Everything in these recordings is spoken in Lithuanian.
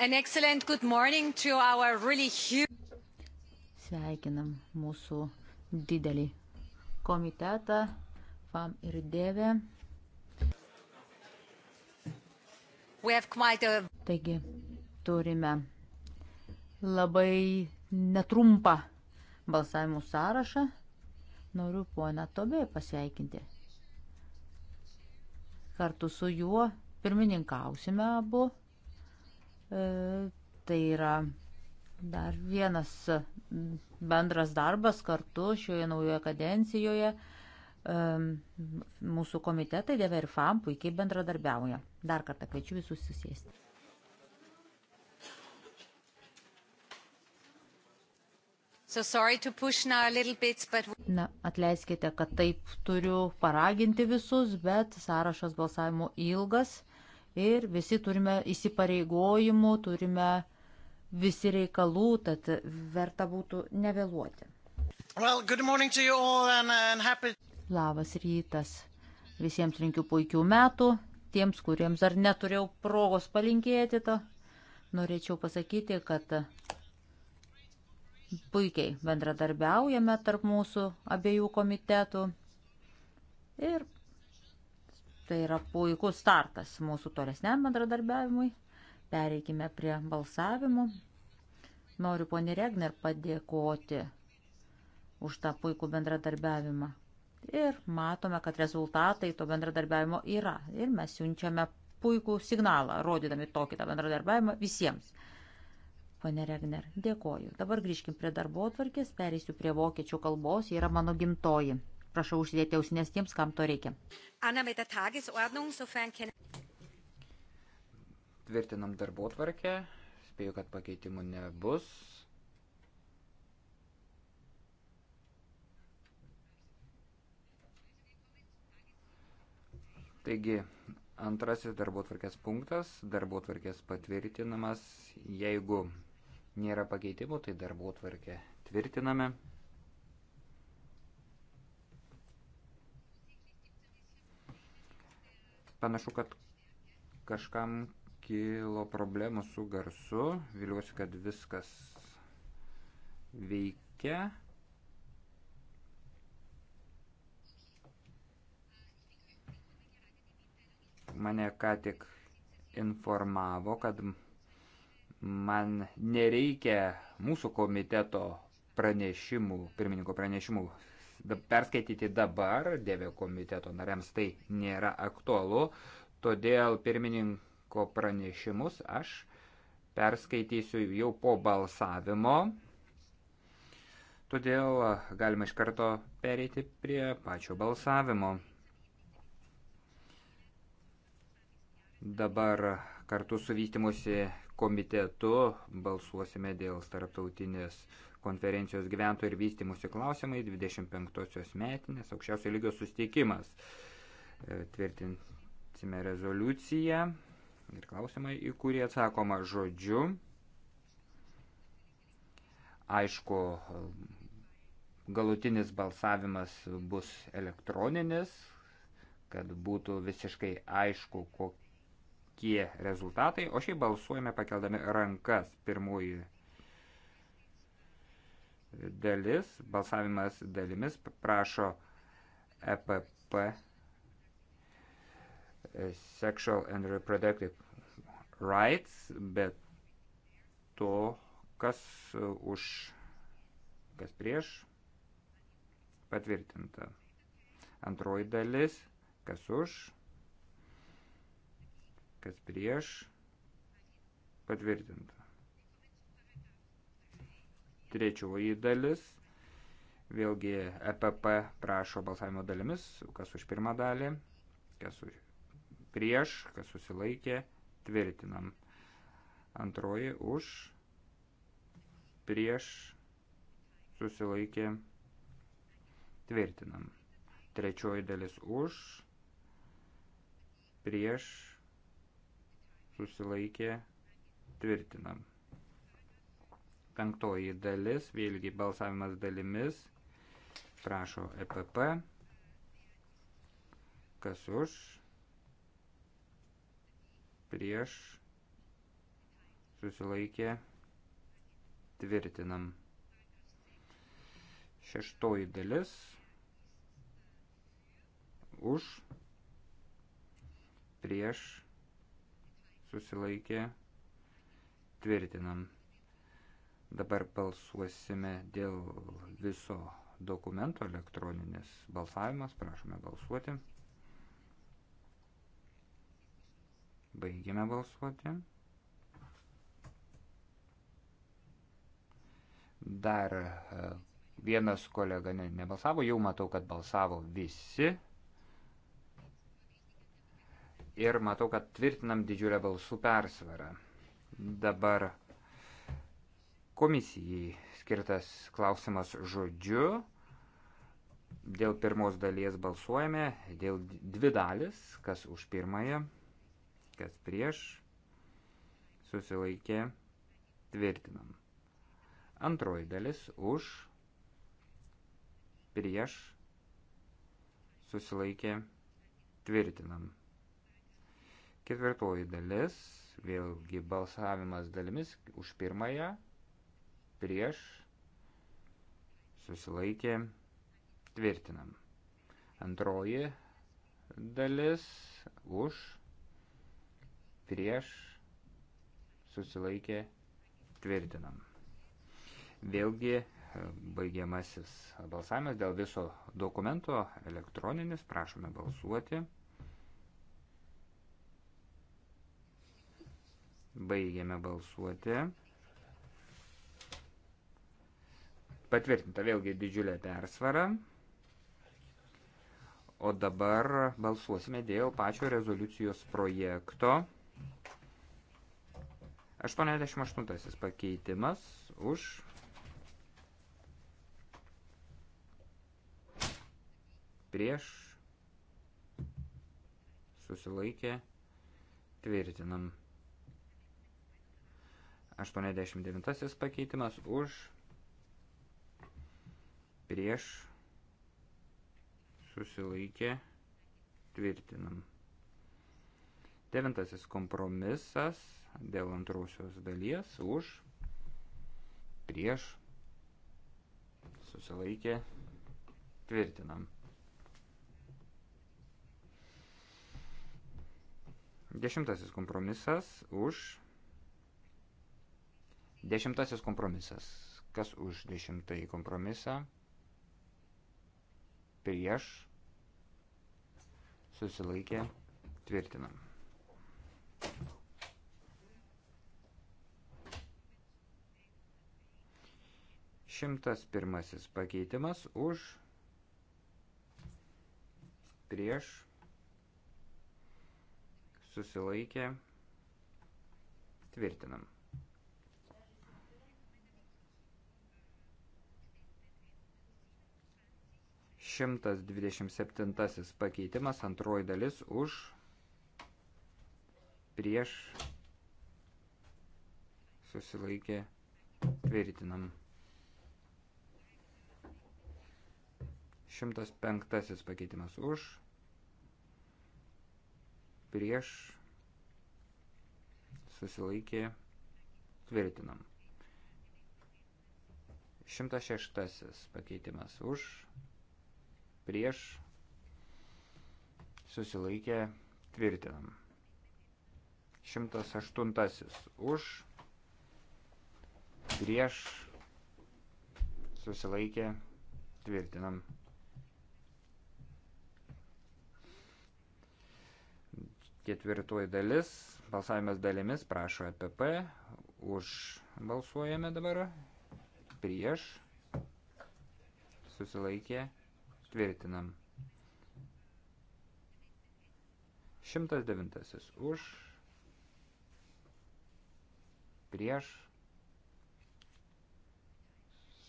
An excellent good morning to our really huge. Sveikinam mūsų didelį komitetą, FAM ir Dėvė. A... Taigi turime labai netrumpą balsavimų sąrašą. Noriu poną Tobė pasveikinti. Kartu su juo pirmininkausime abu E, tai yra dar vienas bendras darbas kartu šioje naujoje kadencijoje. E, mūsų komitetai Deve ir FAM puikiai bendradarbiauja. Dar kartą kviečiu visus susėsti. So bit, but... Na, atleiskite, kad taip turiu paraginti visus, bet sąrašas balsavimo ilgas ir visi turime įsipareigojimų, turime visi reikalų, tad verta būtų nevėluoti. Well, and, and happy... Labas rytas. Visiems linkiu puikių metų. Tiems, kuriems dar neturėjau progos palinkėti to, norėčiau pasakyti, kad puikiai bendradarbiaujame tarp mūsų abiejų komitetų. Ir Tai yra puikus startas mūsų tolesniam bendradarbiavimui. Pereikime prie balsavimų. Noriu poni Regner padėkoti už tą puikų bendradarbiavimą. Ir matome, kad rezultatai to bendradarbiavimo yra. Ir mes siunčiame puikų signalą, rodydami tokį tą bendradarbiavimą visiems. Pane Regner, dėkoju. Dabar grįžkim prie darbo atvarkės, pereisiu prie vokiečių kalbos, ji yra mano gimtoji. Prašau užsidėti ausinės tiems, kam to reikia. Tvirtinam darbo tvarkę. Spėju, kad pakeitimų nebus. Taigi, antrasis darbo tvarkės punktas, darbo tvarkės patvirtinamas. Jeigu nėra pakeitimų, tai darbo tvarkę tvirtiname. Panašu, kad kažkam kilo problemų su garsu. Viliuosi, kad viskas veikia. Mane ką tik informavo, kad man nereikia mūsų komiteto pranešimų, pirmininko pranešimų perskaityti dabar, dėvė komiteto nariams tai nėra aktualu, todėl pirmininko pranešimus aš perskaitysiu jau po balsavimo. Todėl galima iš karto pereiti prie pačio balsavimo. Dabar kartu su vystimusi komitetu balsuosime dėl starptautinės konferencijos gyventojų ir vystimusi klausimai 25-osios metinės aukščiausio lygio susteikimas. E, tvirtinsime rezoliuciją ir klausimai, į kurį atsakoma žodžiu. Aišku, galutinis balsavimas bus elektroninis, kad būtų visiškai aišku, kokie rezultatai, o šiaip balsuojame pakeldami rankas. Pirmoji dalis, balsavimas dalimis prašo EPP e, Sexual and Reproductive Rights, bet to, kas už, kas prieš, patvirtinta. Antroji dalis, kas už, kas prieš, patvirtinta. Trečioji dalis. Vėlgi EPP prašo balsavimo dalimis, kas už pirmą dalį, kas už prieš, kas susilaikė, tvirtinam. Antroji už, prieš, susilaikė, tvirtinam. Trečioji dalis už, prieš, susilaikė, tvirtinam. Penktoji dalis, vėlgi balsavimas dalimis, prašo EPP, kas už, prieš, susilaikė, tvirtinam. Šeštoji dalis, už, prieš, susilaikė, tvirtinam. Dabar balsuosime dėl viso dokumento elektroninis balsavimas. Prašome balsuoti. Baigime balsuoti. Dar e, vienas kolega ne, nebalsavo, jau matau, kad balsavo visi. Ir matau, kad tvirtinam didžiulę balsų persvarą. Dabar Komisijai skirtas klausimas žodžiu. Dėl pirmos dalies balsuojame, dėl dvi dalis, kas už pirmąją, kas prieš, susilaikė, tvirtinam. Antroji dalis už, prieš, susilaikė, tvirtinam. Ketvirtoji dalis, vėlgi balsavimas dalimis už pirmąją, prieš, susilaikė, tvirtinam. Antroji dalis už, prieš, susilaikė, tvirtinam. Vėlgi baigiamasis balsavimas dėl viso dokumento elektroninis, prašome balsuoti. Baigiame balsuoti. patvirtinta vėlgi didžiulė persvara. O dabar balsuosime dėl pačio rezoliucijos projekto. 88 pakeitimas už. Prieš. Susilaikė. Tvirtinam. 89 pakeitimas už prieš susilaikė tvirtinam. Devintasis kompromisas dėl antrosios dalies už prieš susilaikė tvirtinam. Dešimtasis kompromisas už dešimtasis kompromisas. Kas už dešimtąjį kompromisą? prieš, susilaikė, tvirtinam. Šimtas pirmasis pakeitimas už, prieš, susilaikė, tvirtinam. 127 pakeitimas, antroji dalis už, prieš, susilaikė, tvirtinam. 105 pakeitimas už, prieš, susilaikė, tvirtinam. 106 pakeitimas už, prieš prieš, susilaikė, tvirtinam. 108 už, prieš, susilaikė, tvirtinam. Ketvirtoji dalis, balsavimas dalimis, prašo EPP, už balsuojame dabar, prieš, susilaikė, Tvirtinam. 109. Už. Prieš.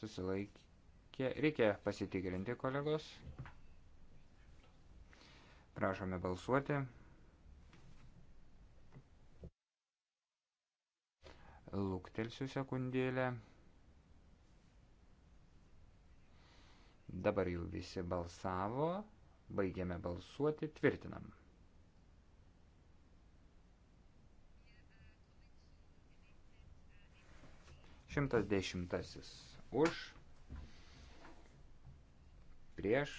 Susilaikė. Reikia pasitikrinti, kolegos. Prašome balsuoti. Lūktelsiu sekundėlę. Dabar jau visi balsavo, baigiame balsuoti, tvirtinam. Šimtas dešimtasis už, prieš,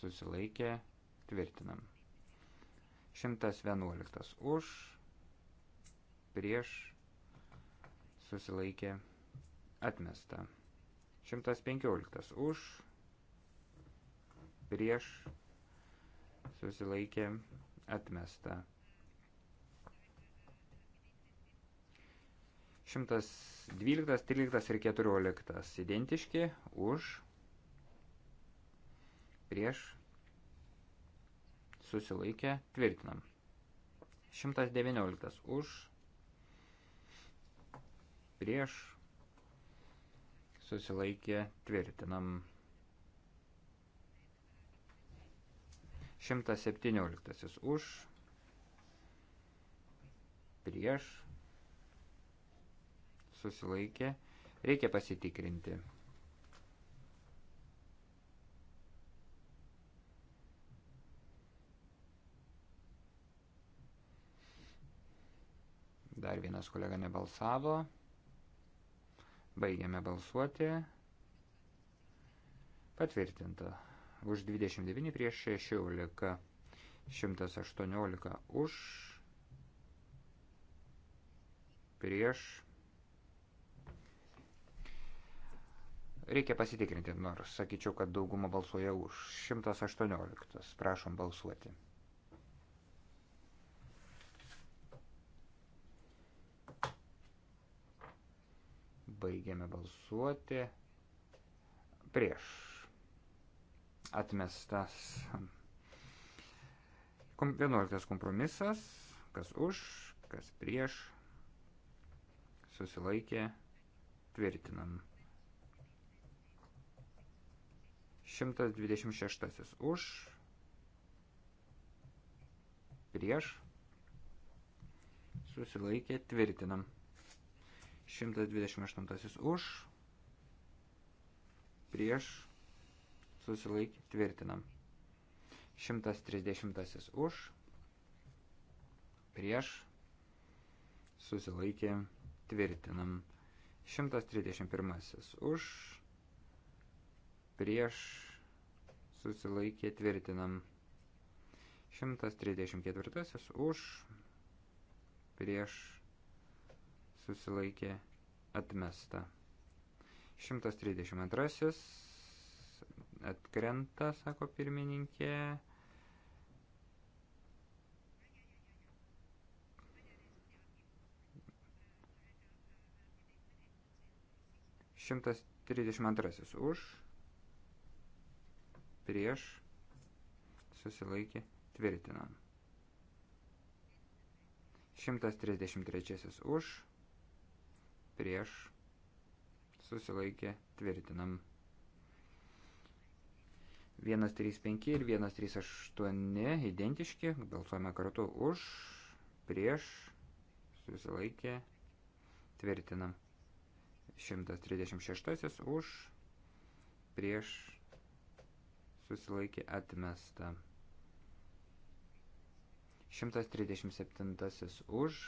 susilaikė, tvirtinam. Šimtas vienuoliktas už, prieš, susilaikė, atmesta. 115 už, prieš, susilaikė, atmesta. 112, 13 ir 14 identiški, už, prieš, susilaikė, tvirtinam. 119 už, prieš, susilaikė tvirtinam. 117 už, prieš, susilaikė, reikia pasitikrinti. Dar vienas kolega nebalsavo. Baigiame balsuoti. Patvirtinta. Už 29 prieš 16. 118 už. Prieš. Reikia pasitikrinti, nors sakyčiau, kad dauguma balsuoja už. 118. Prašom balsuoti. Baigiame balsuoti. Prieš. Atmestas. 11 kompromisas. Kas už, kas prieš. Susilaikė. Tvirtinam. 126 už. Prieš. Susilaikė. Tvirtinam. 128 už, prieš, susilaikė, tvirtinam. 130 už, prieš, susilaikė, tvirtinam. 131 už, prieš, susilaikė, tvirtinam. 134 už, prieš, susilaikė atmesta. 132 atkrenta, sako pirmininkė. Šimtas trisdešimt antrasis už, prieš, susilaikė, tvirtinam. Šimtas trisdešimt trečiasis už, prieš susilaikė tvirtinam. 135 ir 138 identiški, balsuojame kartu už, prieš susilaikė tvirtinam. 136 už, prieš susilaikė atmesta. 137 už,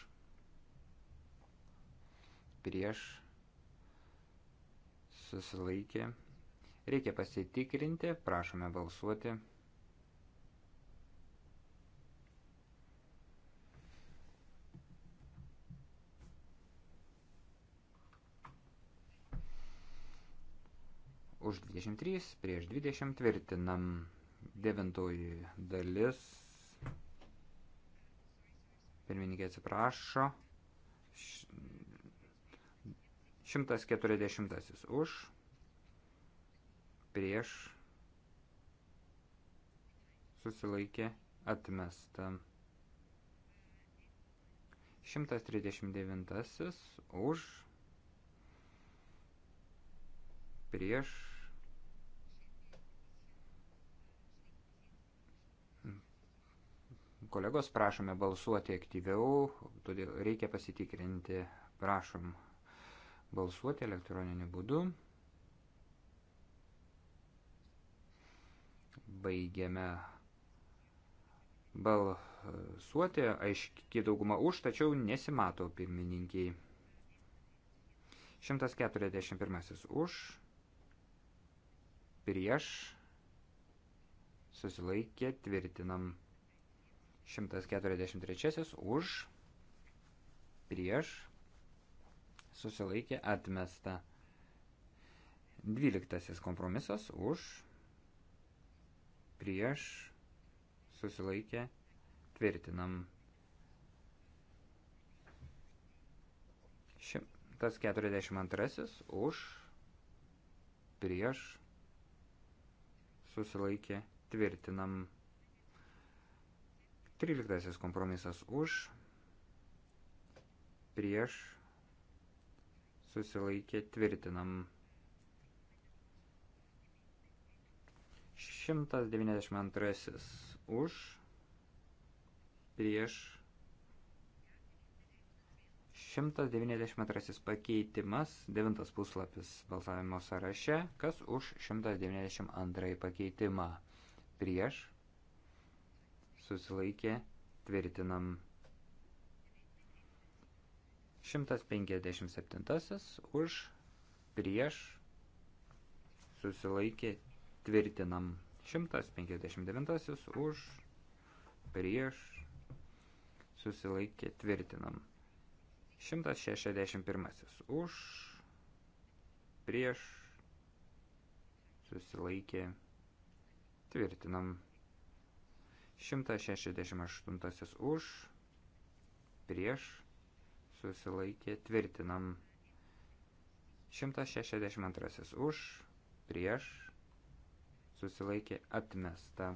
prieš susilaikė. Reikia pasitikrinti, prašome balsuoti. Už 23, prieš 20 tvirtinam devintoji dalis. Pirmininkė atsiprašo. Š 140 už, prieš, susilaikė, atmesta. 139 už, prieš, Kolegos, prašome balsuoti aktyviau, todėl reikia pasitikrinti, prašom balsuoti elektroniniu būdu. Baigiame balsuoti, aiškiai dauguma už, tačiau nesimato pirmininkiai. 141 už, prieš, susilaikė, tvirtinam. 143 už, prieš, susilaikė atmesta. Dvyliktasis kompromisas už, prieš, susilaikė, tvirtinam. 142 už, prieš, susilaikė, tvirtinam. 13 kompromisas už, prieš, susilaikė tvirtinam. 192 už, prieš 192 pakeitimas, 9 puslapis balsavimo sąraše, kas už 192 pakeitimą, prieš susilaikė tvirtinam. 157 už prieš susilaikė tvirtinam. 159 už prieš susilaikė tvirtinam. 161 už prieš susilaikė tvirtinam. 168 už prieš susilaikė tvirtinam. 162 už, prieš, susilaikė atmesta.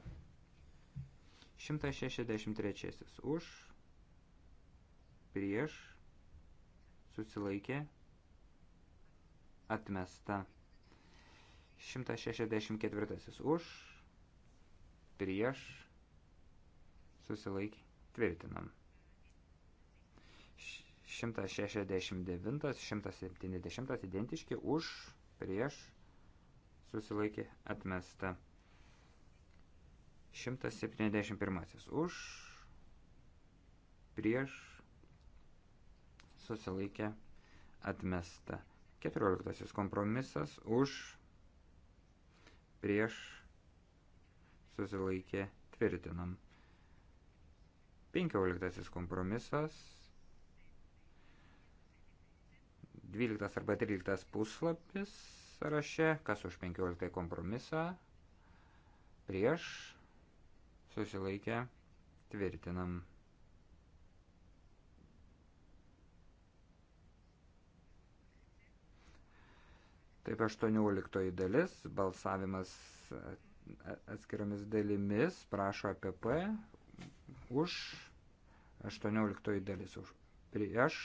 163 už, prieš, susilaikė atmesta. 164 už, prieš, susilaikė tvirtinam. 169, 170 identiški už, prieš, susilaikė atmesta. 171 už, prieš, susilaikė atmesta. 14 kompromisas už, prieš, susilaikė tvirtinam. 15 kompromisas 12 arba 13 puslapis sąraše, kas už 15 kompromisą, prieš, susilaikę, tvirtinam. Taip 18 dalis, balsavimas atskiromis dalimis, prašo APP už 18 dalis už prieš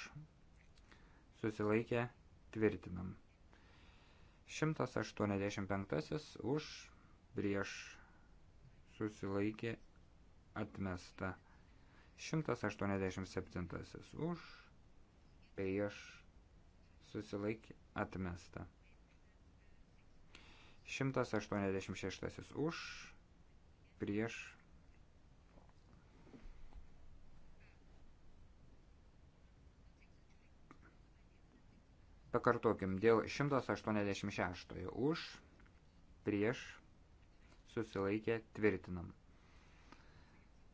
susilaikę tvirtinam. 185 už prieš susilaikė atmesta. 187 už prieš susilaikė atmesta. 186 už prieš Pakartokim, dėl 186 už, prieš, susilaikė, tvirtinam.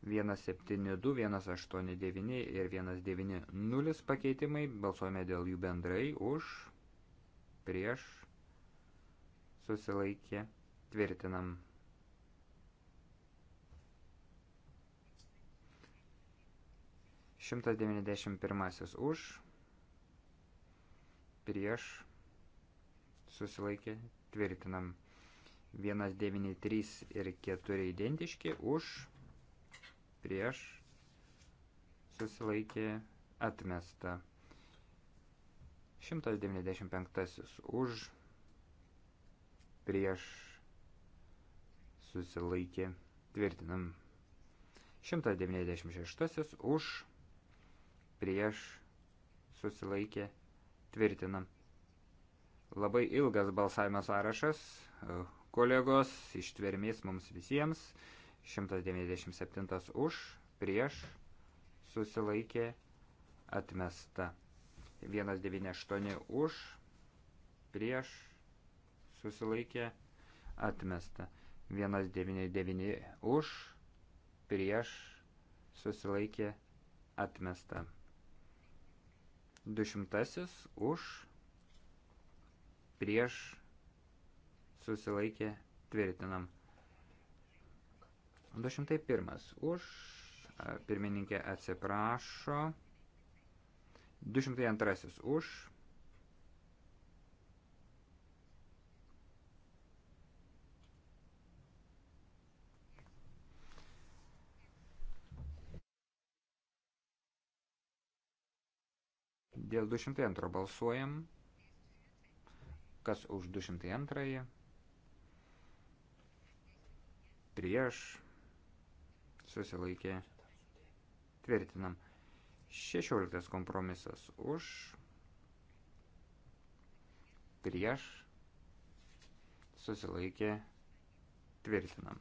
172, 189 ir 190 pakeitimai, balsuojame dėl jų bendrai, už, prieš, susilaikė, tvirtinam. Šimtas devyniasdešimt pirmasis už, prieš susilaikė tvirtinam. 193 ir 4 identiški už prieš susilaikė atmesta. 195 už prieš susilaikė tvirtinam. 196 už prieš susilaikė Tvirtinam. Labai ilgas balsavimo sąrašas, e, kolegos, ištvermės mums visiems. 197 už, prieš, susilaikė, atmesta. 198 už, prieš, susilaikė, atmesta. 199 už, prieš, susilaikė, atmesta. 200 už prieš susilaikė tvirtinam. 201 už pirmininkė atsiprašo. 202 už Dėl 202 balsuojam. Kas už 202? Prieš. Susilaikė. Tvirtinam. 16 kompromisas už. Prieš. Susilaikė. Tvirtinam.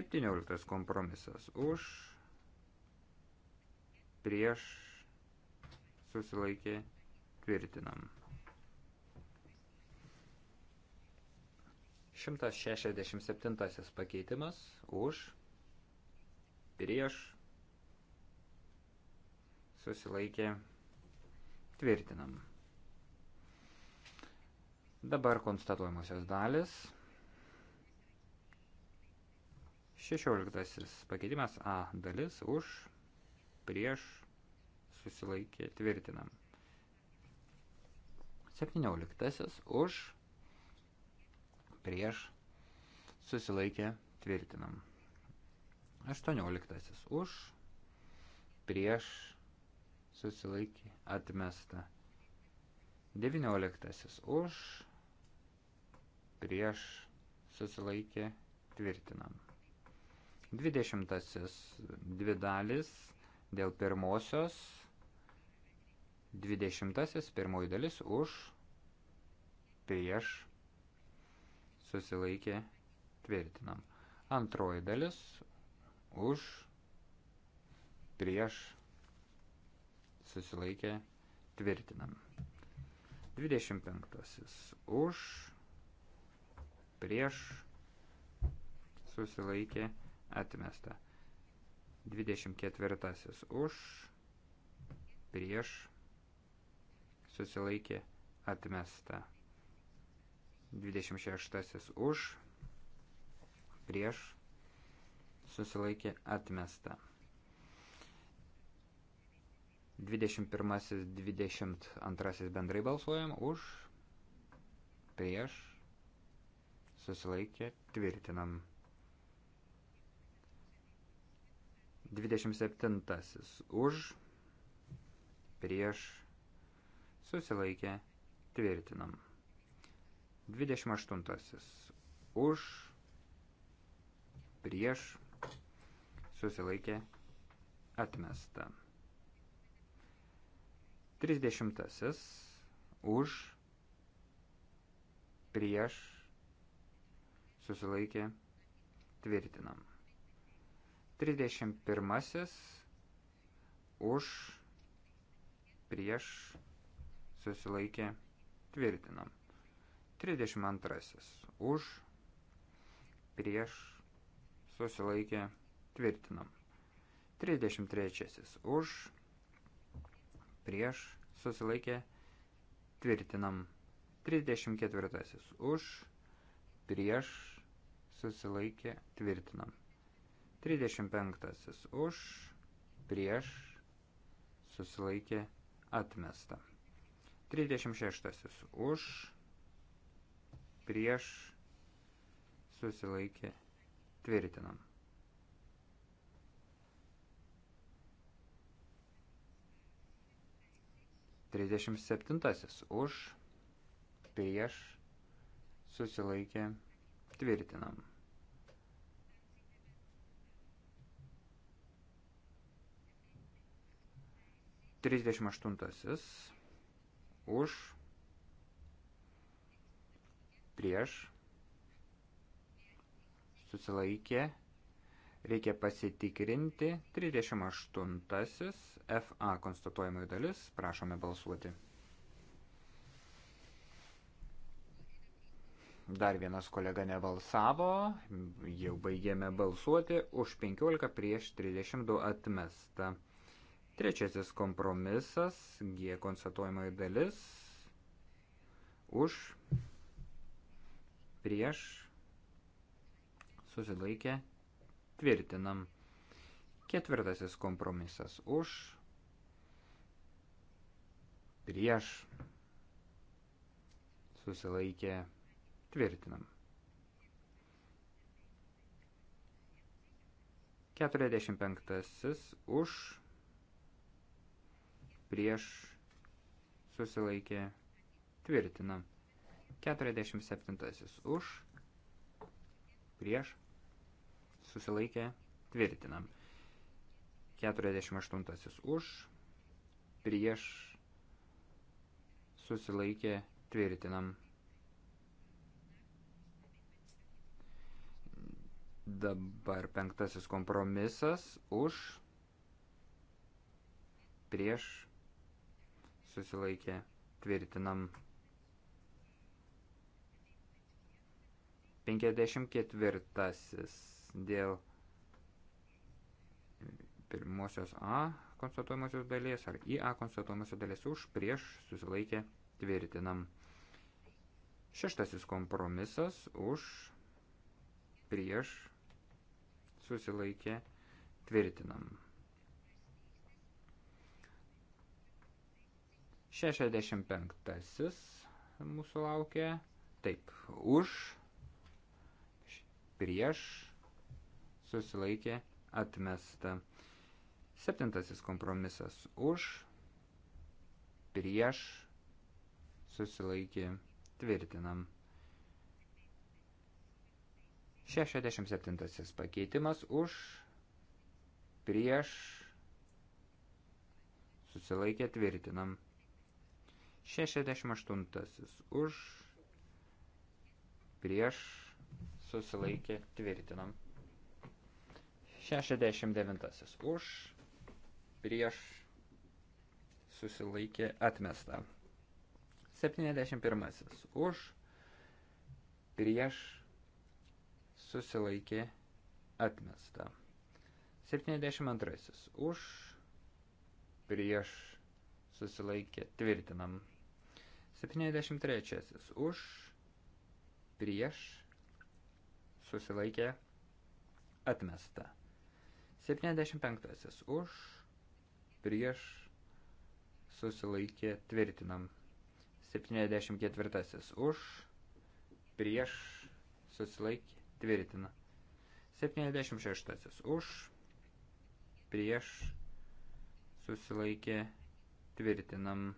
17 kompromisas už. Prieš susilaikė tvirtinam. 167 pakeitimas už, prieš, susilaikė, tvirtinam. Dabar konstatuojamosios dalis. 16 pakeitimas A dalis už, prieš, susilaikė tvirtinam. 17 už prieš susilaikė tvirtinam. 18 už prieš susilaikė atmesta. 19 už prieš susilaikė tvirtinam. 20 dvi dalis dėl pirmosios Dvidešimtasis pirmoji dalis už prieš susilaikė tvirtinam. Antroji dalis už prieš susilaikė tvirtinam. 25. Už prieš susilaikė atmesta. 24. Už prieš susilaikė atmesta. 26 už, prieš, susilaikė atmesta. 21-22 bendrai balsuojam už, prieš, susilaikė, tvirtinam. 27 už, prieš, susilaikė, tvirtinam. 28. Už, prieš, susilaikė, atmesta. 30. Už, prieš, susilaikė, tvirtinam. 31. Už, prieš, susilaikė susilaikė tvirtinam. 32. Už, prieš, susilaikė tvirtinam. 33. Už, prieš, susilaikė tvirtinam. 34. Už, prieš, susilaikė tvirtinam. 35. Už, prieš, susilaikė atmestam. 36 už, prieš, susilaikė, tvirtinam. Trisdešimt septintasis už, prieš, susilaikė, tvirtinam. Trisdešimt aštuntasis už, prieš, susilaikė, reikia pasitikrinti, 38 FA konstatuojamai dalis, prašome balsuoti. Dar vienas kolega nebalsavo, jau baigėme balsuoti, už 15 prieš 32 atmestą. Trečiasis kompromisas, G konstatuojamoji dalis, už, prieš, susilaikę, tvirtinam. Ketvirtasis kompromisas, už, prieš, susilaikę, tvirtinam. 45 už prieš susilaikė tvirtina. 47 už prieš susilaikė tvirtinam. 48 už prieš susilaikė tvirtinam. Dabar penktasis kompromisas už prieš susilaikė tvirtinam. 54 dėl pirmosios A konstatuojamosios dalies ar IA konstatuojamosios dalies už prieš susilaikė tvirtinam. Šeštasis kompromisas už prieš susilaikė tvirtinam. 65 mūsų laukia. Taip, už, prieš, susilaikė, atmesta. Septintasis kompromisas už, prieš, susilaikė, tvirtinam. 67 pakeitimas už, prieš, susilaikė, tvirtinam. 68 už, prieš, susilaikė, tvirtinam. 69 už, prieš, susilaikė, atmesta. 71 už, prieš, susilaikė, atmesta. 72 už, prieš, susilaikė, tvirtinam. 73 už, prieš, susilaikė, atmesta. 75 už, prieš, susilaikė, tvirtinam. 74 už, prieš, susilaikė, tvirtina. 76 už, prieš, susilaikė, tvirtinam.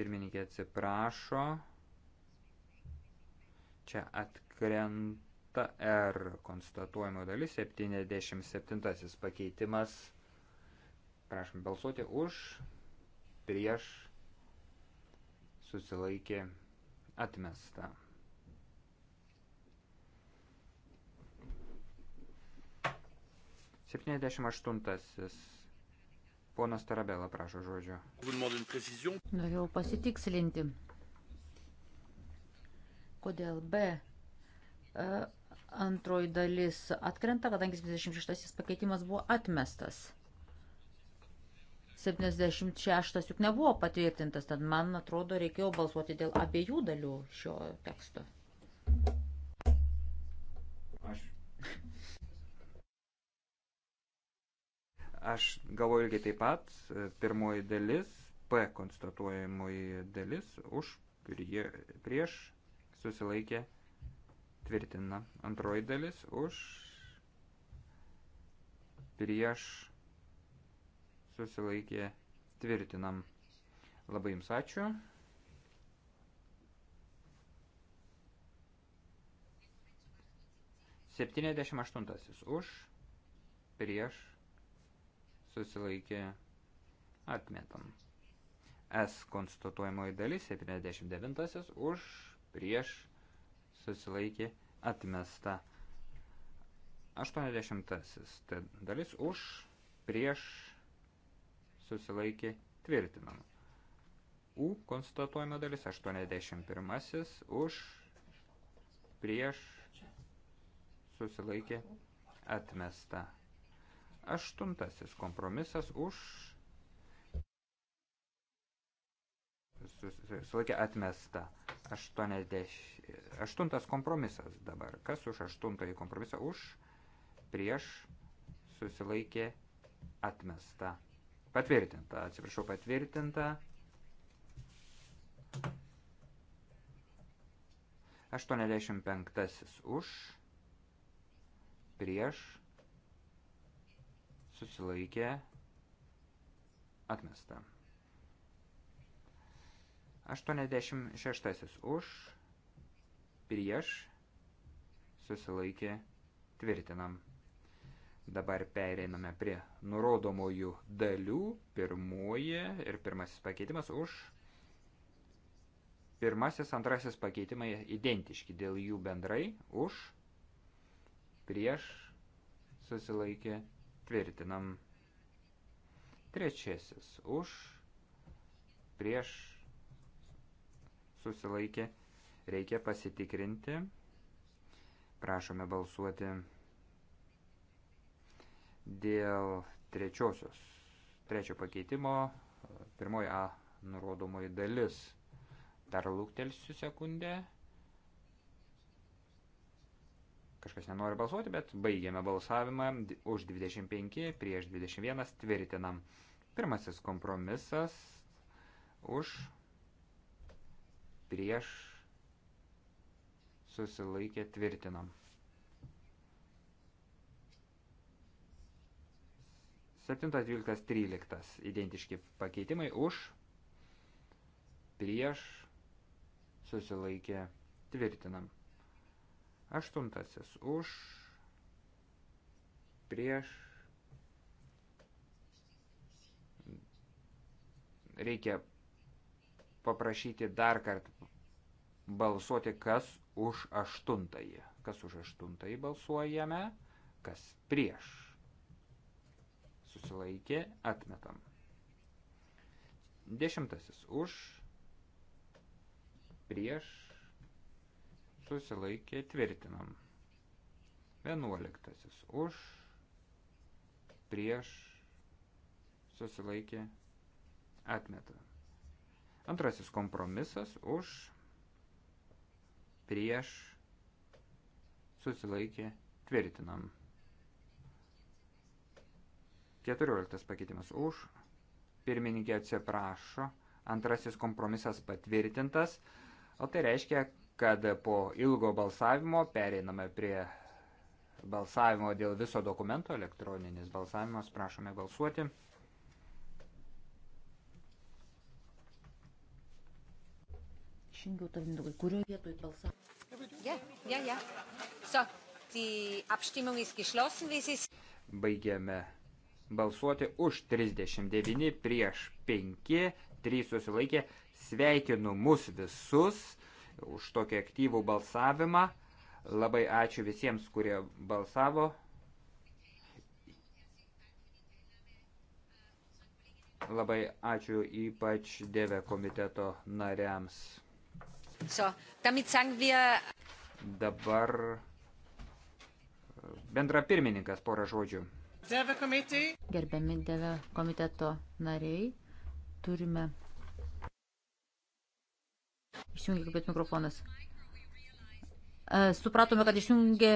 Pirmininkė atsiprašo. Čia atkrenta R konstatuojimo dalis 77 pakeitimas. Prašom balsuoti už, prieš, susilaikė, atmesta. Septyniasdešimt aštuntasis Ponas Tarabela prašo žodžio. Norėjau pasitikslinti, kodėl B e, antroji dalis atkrenta, kadangi 76 pakeitimas buvo atmestas. 76 juk nebuvo patvirtintas, tad man atrodo reikėjo balsuoti dėl abiejų dalių šio teksto. Aš galvoju ilgiai taip pat, e, pirmoji dalis, P konstatuojamoji dalis, už, prie, prieš, susilaikė, tvirtina. Antroji dalis, už, prieš, susilaikė, tvirtinam. Labai jums ačiū. Septyniasdešimt aštuntasis už, prieš, susilaikė atmetam. S konstatuojamoji dalis 79 už prieš susilaikė atmesta. 80 tai dalis už prieš susilaikė tvirtinama. U konstatuojama dalis 81 už prieš susilaikė atmesta. Aštuntasis kompromisas už sulaikė atmesta. Aštuonesdeš... Aštuntas kompromisas dabar. Kas už aštuntąjį kompromisą? Už, prieš, susilaikė atmesta. Patvirtinta, atsiprašau, patvirtinta. Aštuonesdešimt penktasis už, prieš, susilaikė, atmesta. 86 už, prieš, susilaikė, tvirtinam. Dabar pereiname prie nurodomųjų dalių. Pirmoji ir pirmasis pakeitimas už. Pirmasis, antrasis pakeitimai identiški dėl jų bendrai. Už, prieš, susilaikė, tvirtinam Tvirtinam. Trečiasis už, prieš, susilaikė, reikia pasitikrinti. Prašome balsuoti dėl trečiosios, trečio pakeitimo, pirmoji A nurodomoji dalis. Dar lūktelsiu sekundę. Kažkas nenori balsuoti, bet baigiame balsavimą už 25 prieš 21 tvirtinam. Pirmasis kompromisas už prieš susilaikę tvirtinam. Septintas, dvyliktas, tryliktas identiški pakeitimai už prieš susilaikę tvirtinam. Aštuntasis už, prieš, reikia paprašyti dar kartą balsuoti, kas už aštuntąjį. Kas už aštuntąjį balsuojame, kas prieš. Susilaikė, atmetam. Dešimtasis už, prieš, prieš susilaikė tvirtinam. Vienuoliktasis už, prieš, susilaikė atmeta. Antrasis kompromisas už, prieš, susilaikė tvirtinam. Keturioliktas pakeitimas už, pirmininkė atsiprašo, antrasis kompromisas patvirtintas, o tai reiškia, kad po ilgo balsavimo pereiname prie balsavimo dėl viso dokumento, elektroninis balsavimas, prašome balsuoti. Šiandien tavindavai, kurioje vietoje balsavo? Ja, ja, ja. So, die Abstimmung ist geschlossen, wie sie ist. Baigiame balsuoti už 39 prieš 5, 3 susilaikė. Sveikinu mus visus už tokį aktyvų balsavimą. Labai ačiū visiems, kurie balsavo. Labai ačiū ypač Dėvė komiteto nariams. So, wir... Dabar e, bendra pirmininkas porą žodžių. Gerbiami Dėvė komiteto nariai, turime Įsijungia kalbėti mikrofonas. E, supratome, kad išjungė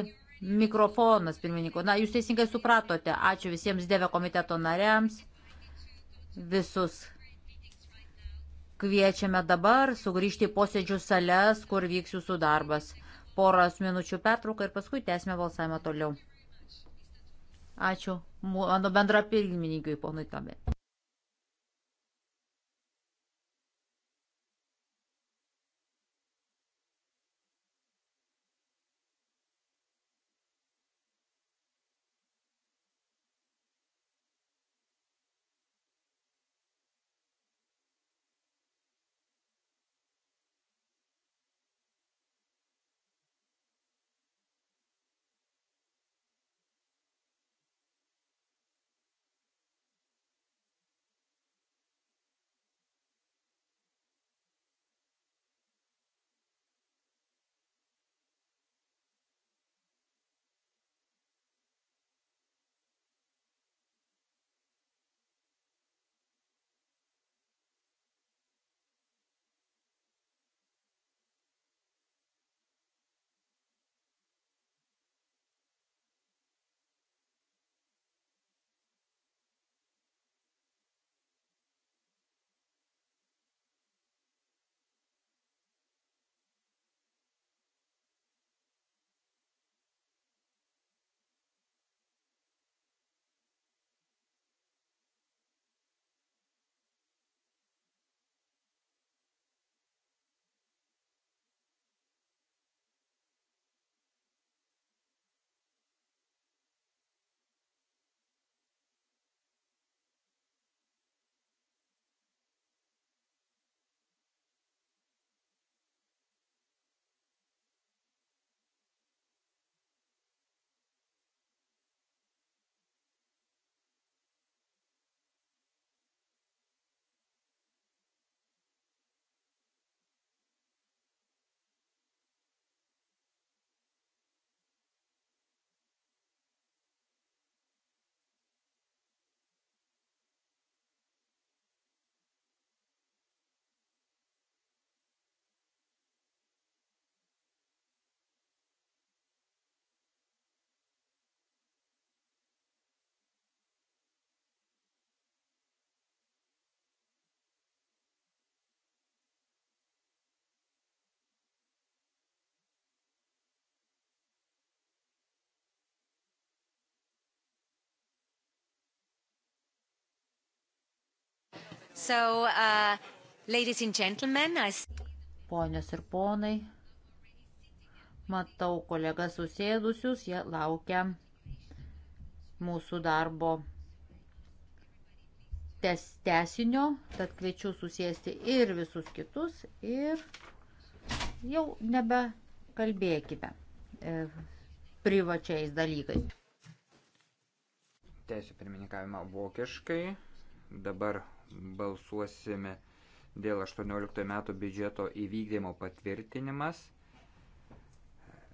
mikrofonas pirmininko. Na, jūs teisingai supratote. Ačiū visiems Dėvė komiteto nariams. Visus kviečiame dabar sugrįžti į posėdžių sales, kur vyks jūsų darbas. Poras minučių pertrauką ir paskui tęsime balsavimą toliau. Ačiū mano bendra pirmininkui, ponui Tomė. So, uh, ladies and gentlemen, I... Ponios ir ponai, matau kolegas susėdusius, jie laukia mūsų darbo tes, tesinio, tad kviečiu susėsti ir visus kitus ir jau nebekalbėkime e, privačiais dalykais. Tęsiu pirmininkavimą vokiškai. Dabar balsuosime dėl 18 metų biudžeto įvykdymo patvirtinimas.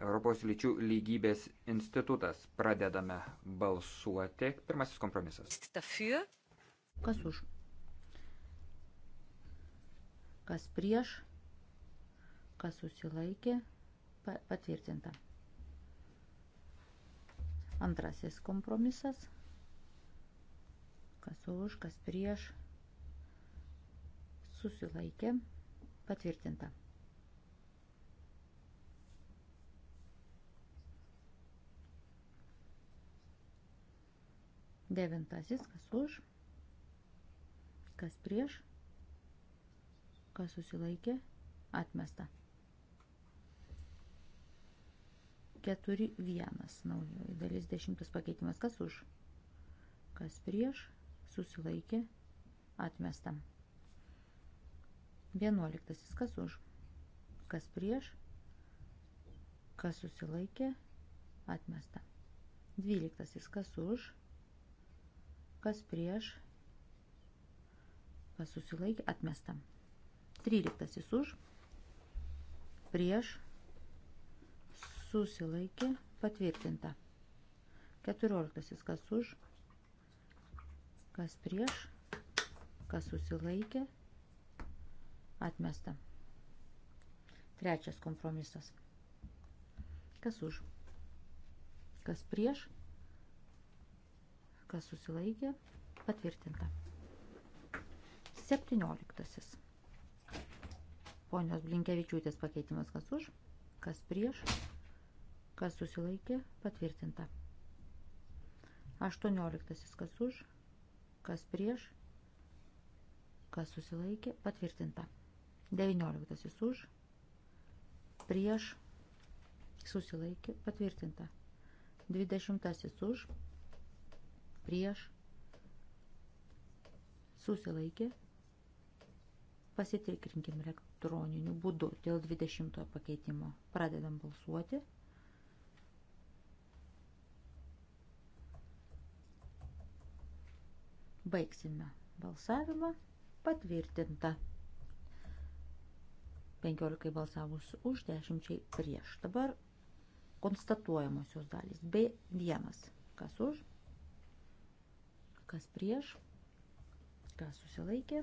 Europos lyčių lygybės institutas. Pradedame balsuoti. Pirmasis kompromisas. Dafür. Kas už? Kas prieš? Kas susilaikė? Patvirtinta. Antrasis kompromisas. Kas už, kas prieš, susilaikė, patvirtinta. Devintasis, kas už, kas prieš, kas susilaikė, atmesta. 4.1 naujoji dalis dešimtas pakeitimas, kas už, kas prieš, susilaikė, atmesta. Vienuoliktasis. Kas už? Kas prieš? Kas susilaikė? Atmesta. Dvyliktasis. Kas už? Kas prieš? Kas susilaikė? Atmesta. Tryliktasis už? Prieš? Susilaikė? Patvirtinta. Keturioliktasis. Kas už? Kas prieš? Kas susilaikė? Atmesta Atmesta. Trečias kompromisas. Kas už? Kas prieš? Kas susilaikė? Patvirtinta. 17. Ponios Blinkevičiūtės pakeitimas kas už, kas prieš, kas susilaikė, patvirtinta. 18. kas už, kas prieš, kas susilaikė, patvirtinta. 19 už, prieš, susilaikė, patvirtinta. 20 už, prieš, susilaikė, pasitikrinkim elektroniniu būdu dėl 20 pakeitimo. Pradedam balsuoti. Baigsime balsavimą. Patvirtinta. 15 balsavus už, 10 prieš. Dabar konstatuojamosios dalys. B1. Kas už, kas prieš, kas susilaikė,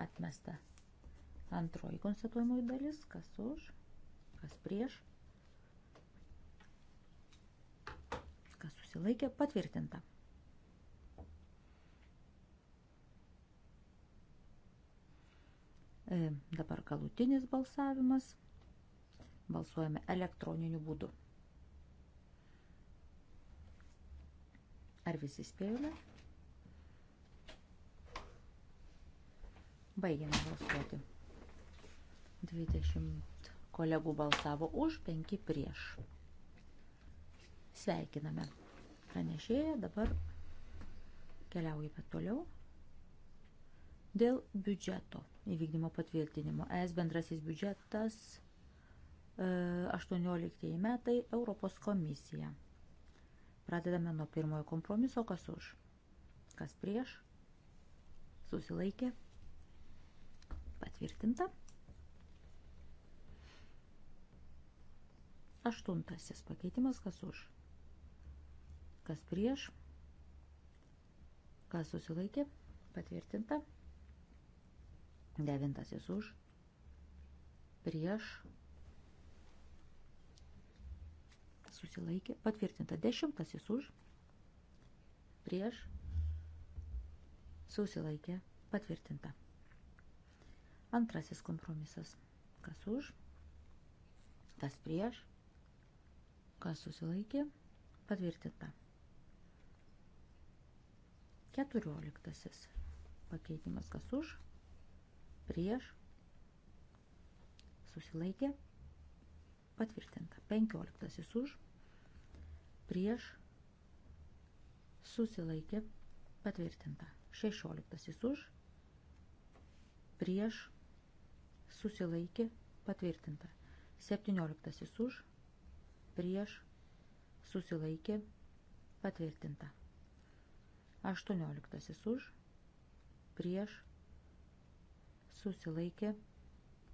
atmesta. Antroji konstatuojamoji dalis, kas už, kas prieš, kas susilaikė, patvirtinta. E, dabar galutinis balsavimas. Balsuojame elektroniniu būdu. Ar visi spėjome? Baigiame balsuoti. 20 kolegų balsavo už, 5 prieš. Sveikiname pranešėją, dabar keliaujame toliau. Dėl biudžeto įvykdymo patvirtinimo. ES bendrasis biudžetas 18 e, metai Europos komisija. Pradedame nuo pirmojo kompromiso, kas už, kas prieš, susilaikė, patvirtinta. Aštuntasis pakeitimas, kas už, kas prieš, kas susilaikė, patvirtinta. Patvirtinta. Devintasis už. Prieš. Susilaikė. Patvirtinta. Dešimtasis už. Prieš. Susilaikė. Patvirtinta. Antrasis kompromisas. Kas už, kas prieš, kas susilaikė, patvirtinta. Keturioliktasis pakeitimas. Kas už, prieš, susilaikė, patvirtinta. 15 už, prieš, susilaikė, patvirtinta. 16 už, prieš, susilaikė, patvirtinta. 17 už, prieš, susilaikė, patvirtinta. 18 už, prieš, susilaikė,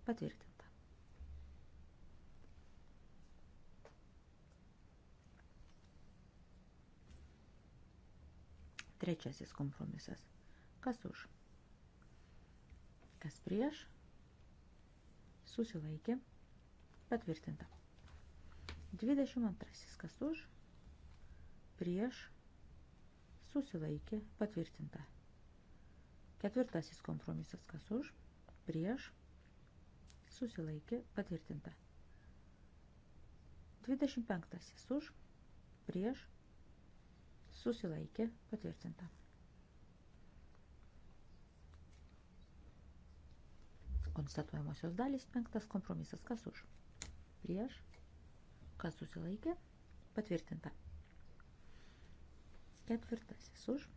patvirtinta. Trečiasis kompromisas. Kas už? Kas prieš? Susilaikė, patvirtinta. 22. Kas už? Prieš? Susilaikė, patvirtinta. Ketvirtasis kompromisas. Kas už? prieš, susilaikė, patvirtinta. 25. Už, prieš, susilaikė, patvirtinta. Konstatuojamosios dalys, penktas kompromisas, kas už, prieš, kas susilaikė, patvirtinta. Ketvirtasis už,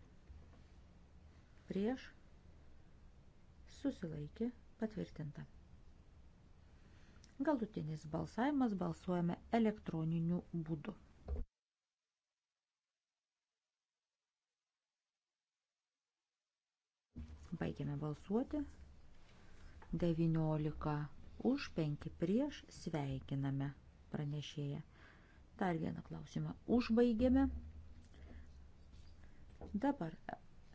prieš, susilaikė patvirtinta. Galutinis balsavimas balsuojame elektroniniu būdu. Baigiame balsuoti. 19 už 5 prieš sveikiname pranešėją. Dar vieną klausimą užbaigėme. Dabar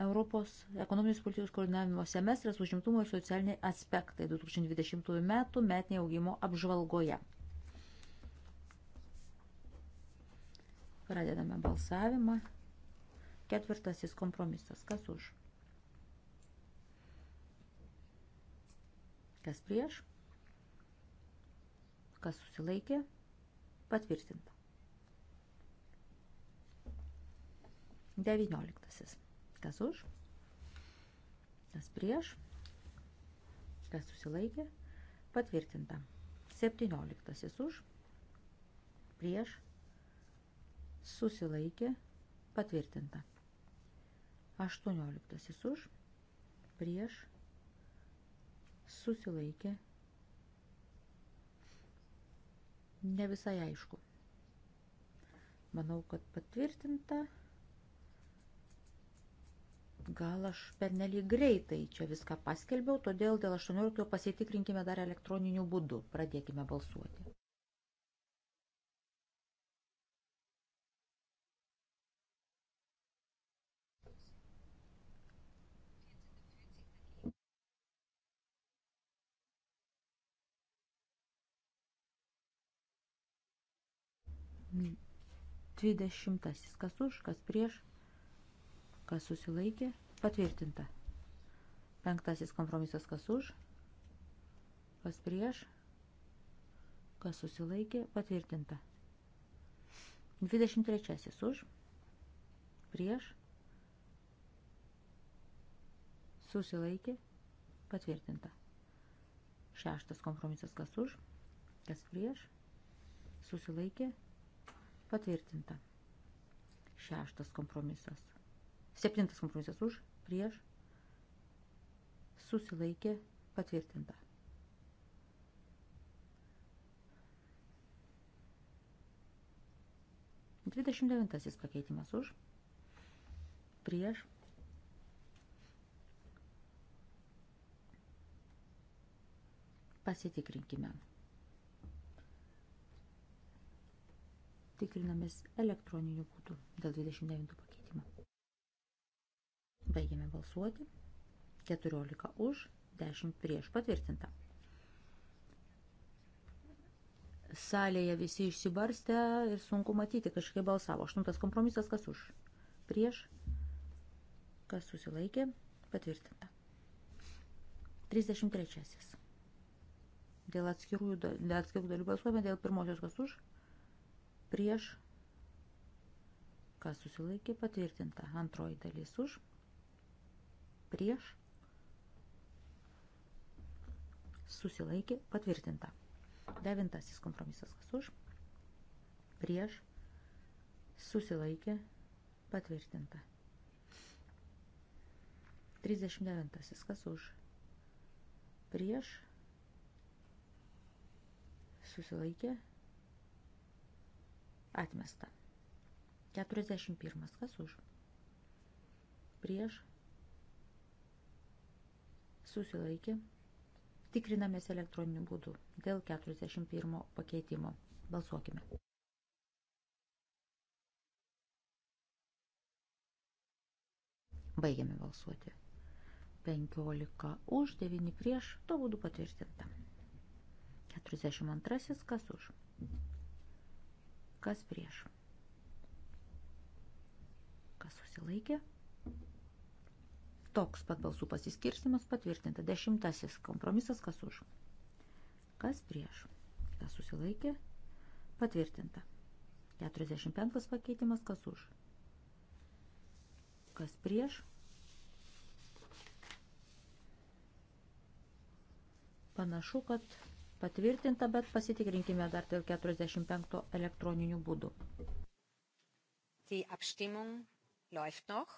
Europos ekonominės politikos koordinavimo semestras užimtumo ir socialiniai aspektai 2020 metų metinė augimo apžvalgoje. Pradedame balsavimą. Ketvirtasis kompromisas. Kas už? Kas prieš? Kas susilaikė? Patvirtinta. Devynioliktasis. Kas už? Kas prieš? Kas susilaikė? Patvirtinta. 17 už. Prieš. Susilaikė. Patvirtinta. 18 už. Prieš. Susilaikė. Ne visai aišku. Manau, kad patvirtinta. Gal aš pernelyg greitai čia viską paskelbiau, todėl dėl 18 pasitikrinkime dar elektroniniu būdu. Pradėkime balsuoti. Dvidešimtasis kas už, kas prieš kas susilaikė, patvirtinta. Penktasis kompromisas, kas už, kas prieš, kas susilaikė, patvirtinta. 23 už, prieš, susilaikė, patvirtinta. Šeštas kompromisas, kas už, kas prieš, susilaikė, patvirtinta. Šeštas kompromisas. Septintas kompromisas už, prieš, susilaikė, patvirtinta. Dvidešimt devintasis pakeitimas už, prieš, pasitikrinkime. Tikrinamės elektroniniu būdu dėl 29 pakeitimo. Baigiame balsuoti. 14 už, 10 prieš patvirtinta. Salėje visi išsibarstę ir sunku matyti, kažkaip balsavo. Aštuntas kompromisas, kas už? Prieš, kas susilaikė, patvirtinta. 33. Dėl atskirų, dėl atskirų dalių balsuojame, dėl pirmosios kas už, prieš, kas susilaikė, patvirtinta. Antroji dalis už, prieš susilaikė patvirtinta. Devintasis kompromisas kas už, prieš susilaikė patvirtinta. 39 kas už, prieš susilaikė atmesta. 41 kas už, prieš susilaikė susilaikė. Tikrinamės elektroniniu būdu dėl 41 pakeitimo. Balsuokime. Baigiame balsuoti. 15 už, 9 prieš, to būdu patvirtinta. 42 kas už, kas prieš, kas susilaikė. Toks pat balsų pasiskirstimas patvirtinta. Dešimtasis kompromisas kas už. Kas prieš. Kas susilaikė. Patvirtinta. 45 pakeitimas kas už. Kas prieš. Panašu, kad patvirtinta, bet pasitikrinkime dar dėl 45 elektroninių būdų. Die Abstimmung läuft noch.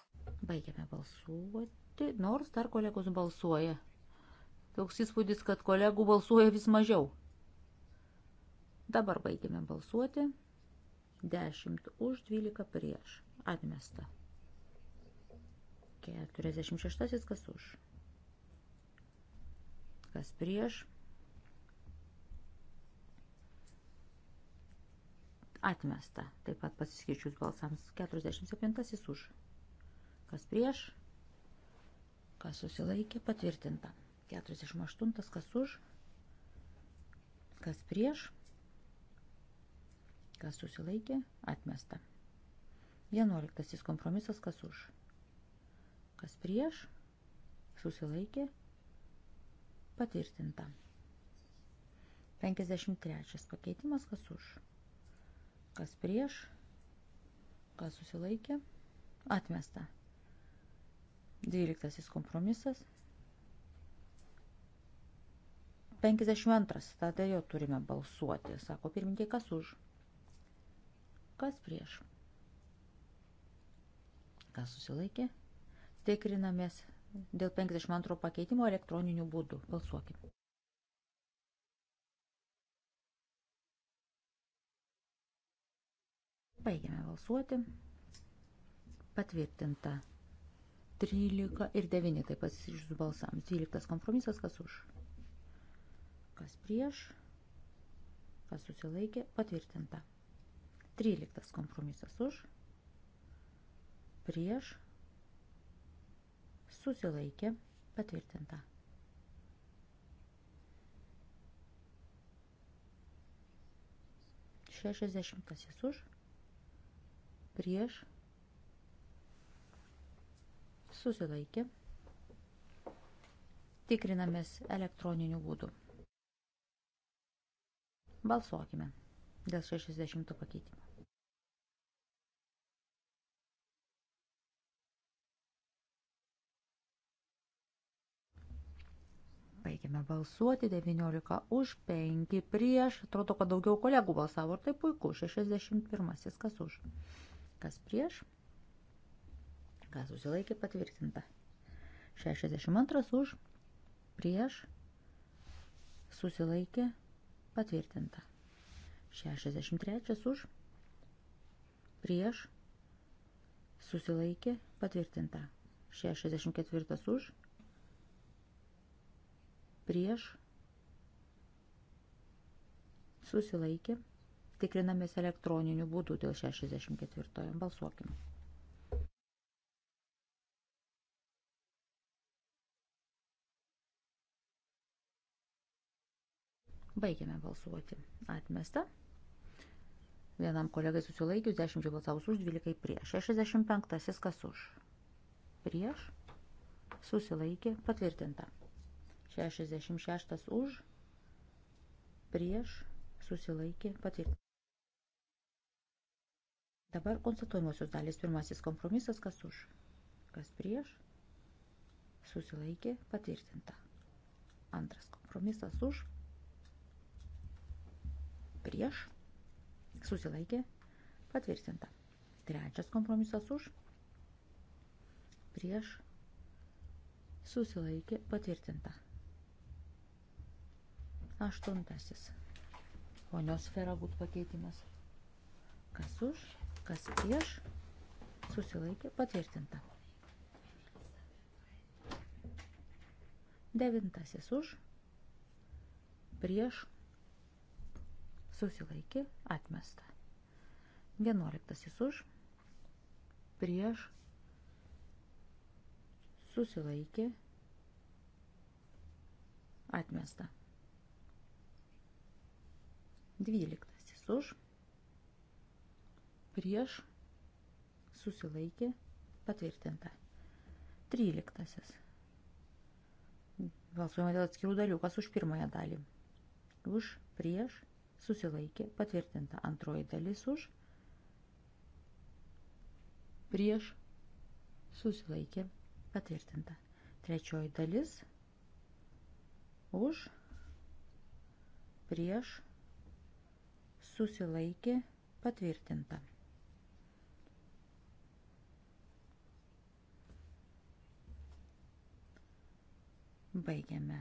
Baigiame balsuoti balsuoti, nors dar kolegos balsuoja. Toks įspūdis, kad kolegų balsuoja vis mažiau. Dabar baigėme balsuoti. 10 už 12 prieš. Atmesta. 46 kas už. Kas prieš. Atmesta. Taip pat pasiskaičius balsams. 47 už. Kas prieš kas susilaikė, patvirtinta. 48, kas už, kas prieš, kas susilaikė, atmesta. 11 kompromisas, kas už, kas prieš, susilaikė, patvirtinta. 53 pakeitimas, kas už, kas prieš, kas susilaikė, atmesta. 12 kompromisas. 52. Tada jo turime balsuoti. Sako pirmininkė, kas už? Kas prieš? Kas susilaikė? Tikrinamės dėl 52 pakeitimo elektroniniu būdu. Balsuokime. Baigiame balsuoti. Patvirtinta. 13 ir 9 taip pat iš su balsams. 12 kompromisas, kas už, kas prieš, kas susilaikė, patvirtinta. 13 kompromisas už, prieš, susilaikė, patvirtinta. Šešiasdešimtasis už, prieš, susilaikė susilaikė. Tikrinamės elektroniniu būdu. Balsuokime dėl 60 pakeitimo. Baigėme balsuoti 19 už 5 prieš. Atrodo, kad daugiau kolegų balsavo ir tai puiku. 61. Kas už? Kas prieš? kas susilaikė patvirtinta. 62 už, prieš, susilaikė patvirtinta. 63 už, prieš, susilaikė patvirtinta. 64 už, prieš, susilaikė. Tikrinamės elektroniniu būdu dėl 64. Balsuokime. Baigėme balsuoti. Atmesta. Vienam kolegai susilaikius 10 balsavus už 12 prieš. 65 kas už. Prieš. Susilaikė. Patvirtinta. 66 už. Prieš. Susilaikė. Patvirtinta. Dabar konstatuojamosios dalys pirmasis kompromisas, kas už, kas prieš, susilaikė patvirtinta. Antras kompromisas už, prieš, susilaikė, patvirtinta. Trečias kompromisas už, prieš, susilaikė, patvirtinta. Aštuntasis. Ponios sfera būtų pakeitimas. Kas už, kas prieš, susilaikė, patvirtinta. Devintasis už, prieš, susilaikė susilaikė atmesta. 11 už, prieš, susilaikė, atmesta. 12 už, prieš, susilaikė, patvirtinta. 13. Balsuojame dėl atskirų dalių, kas už pirmąją dalį. Už, prieš, susilaikė, patvirtinta antroji dalis už, prieš, susilaikė, patvirtinta. Trečioji dalis už, prieš, susilaikė, patvirtinta. Baigiame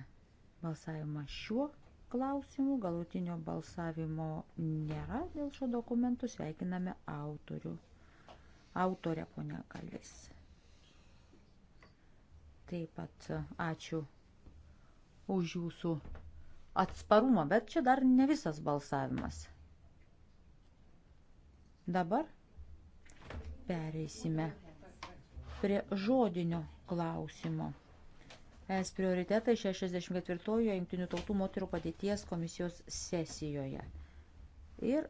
balsavimą šiuo klausimų, galutinio balsavimo nėra dėl šio dokumentų, sveikiname autorių, autorę ponę Kalis. Taip pat ačiū už jūsų atsparumą, bet čia dar ne visas balsavimas. Dabar pereisime prie žodinio klausimo. Es prioritetai 64-ojo Junktinių tautų moterų padėties komisijos sesijoje. Ir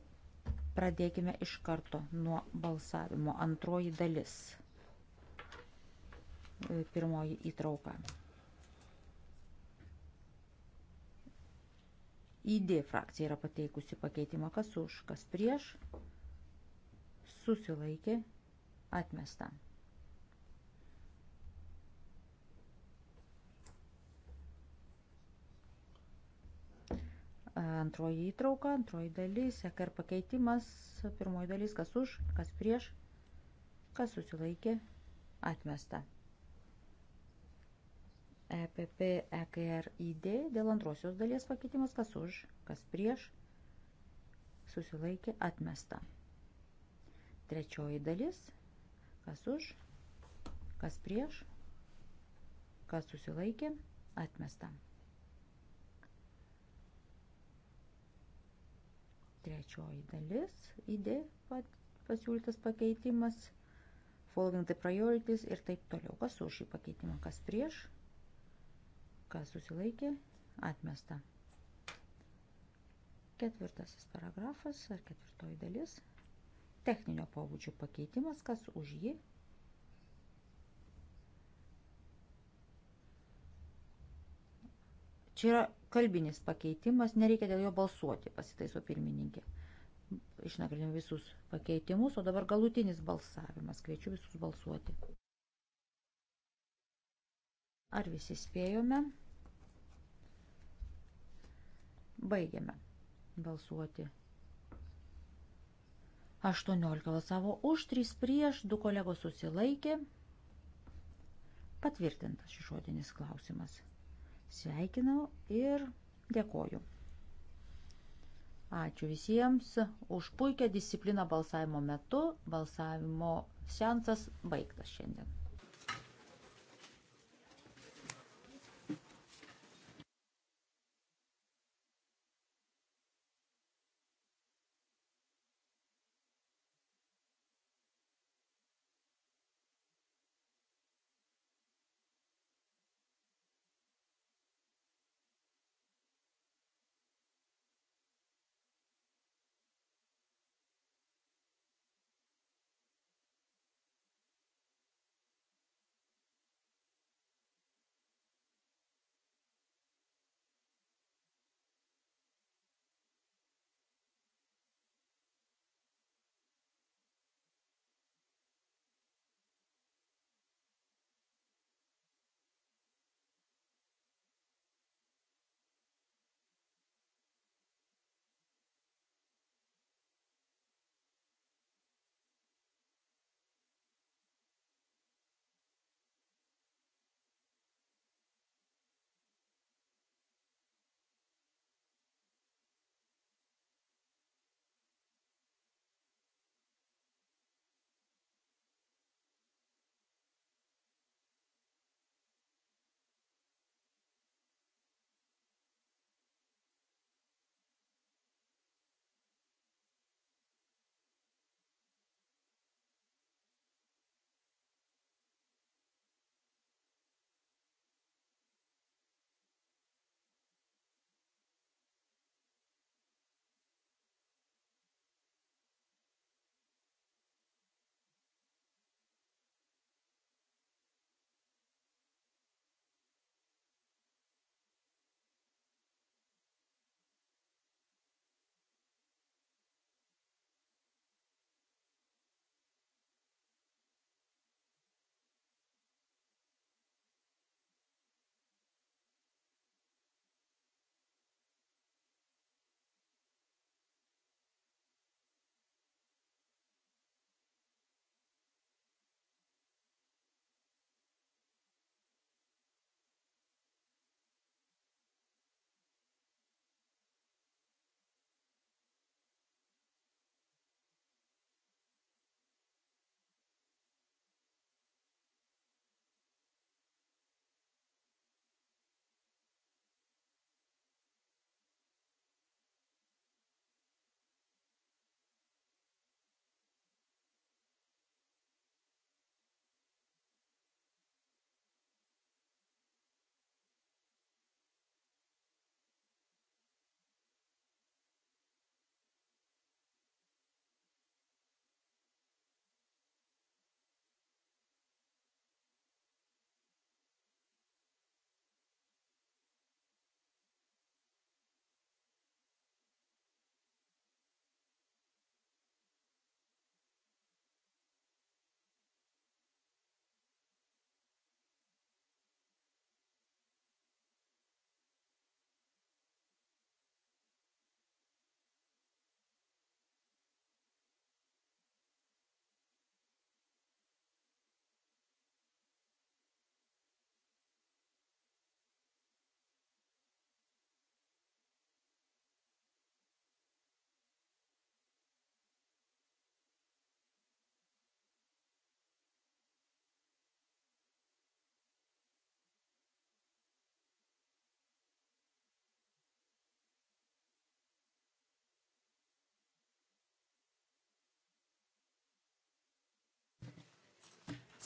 pradėkime iš karto nuo balsavimo. Antroji dalis. E, pirmoji įtrauka. ID frakcija yra pateikusi pakeitimą, kas už, kas prieš, susilaikė, atmesta. Antroji įtrauka, antroji dalis, seka ir pakeitimas, pirmoji dalis, kas už, kas prieš, kas susilaikė, atmesta. EPP, EKR, ID, dėl antrosios dalies pakeitimas, kas už, kas prieš, susilaikė, atmesta. Trečioji dalis, kas už, kas prieš, kas susilaikė, atmesta. Trečioji dalis ID pasiūlytas pakeitimas, following the priorities ir taip toliau. Kas už šį pakeitimą, kas prieš, kas susilaikė, atmesta. Ketvirtasis paragrafas ar ketvirtoji dalis. Techninio pobūdžio pakeitimas, kas už jį, Čia yra kalbinis pakeitimas, nereikia dėl jo balsuoti, pasitaiso pirmininkė. Išnagrinėjau visus pakeitimus, o dabar galutinis balsavimas. Kviečiu visus balsuoti. Ar visi spėjome? Baigiame balsuoti. 18 balsavo už, 3 prieš, 2 kolegos susilaikė. Patvirtintas šis žodinis klausimas. Sveikinau ir dėkoju. Ačiū visiems už puikią discipliną balsavimo metu. Balsavimo sensas baigtas šiandien.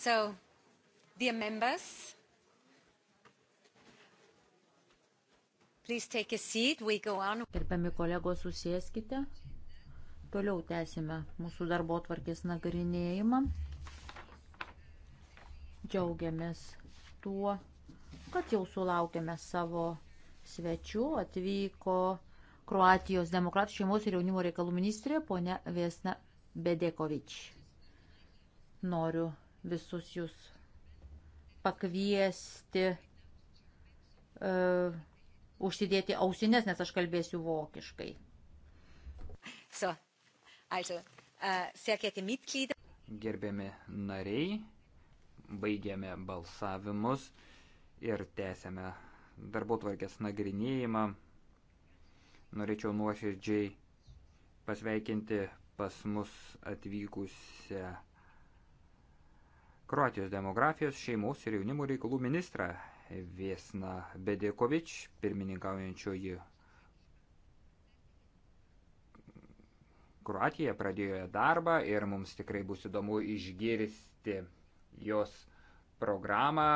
So, dear members, please take a seat, we go on. Gerbiami kolegos, susėskite. Toliau tęsime mūsų darbo tvarkės nagrinėjimą. Džiaugiamės tuo, kad jau sulaukėme savo svečių. Atvyko Kroatijos demokratų šeimos ir jaunimo reikalų ministrė ponia Vesna Bedekovič. Noriu visus jūs pakviesti uh, užsidėti ausinės, nes aš kalbėsiu vokiškai. So, also, uh, Gerbiami nariai, baigiame balsavimus ir tęsėme darbo tvarkės nagrinėjimą. Norėčiau nuoširdžiai pasveikinti pas mus atvykusią Kroatijos demografijos, šeimos ir jaunimo reikalų ministrą Viesna Bedekovič, pirmininkaujančioji Kroatija pradėjo darbą ir mums tikrai bus įdomu išgirsti jos programą.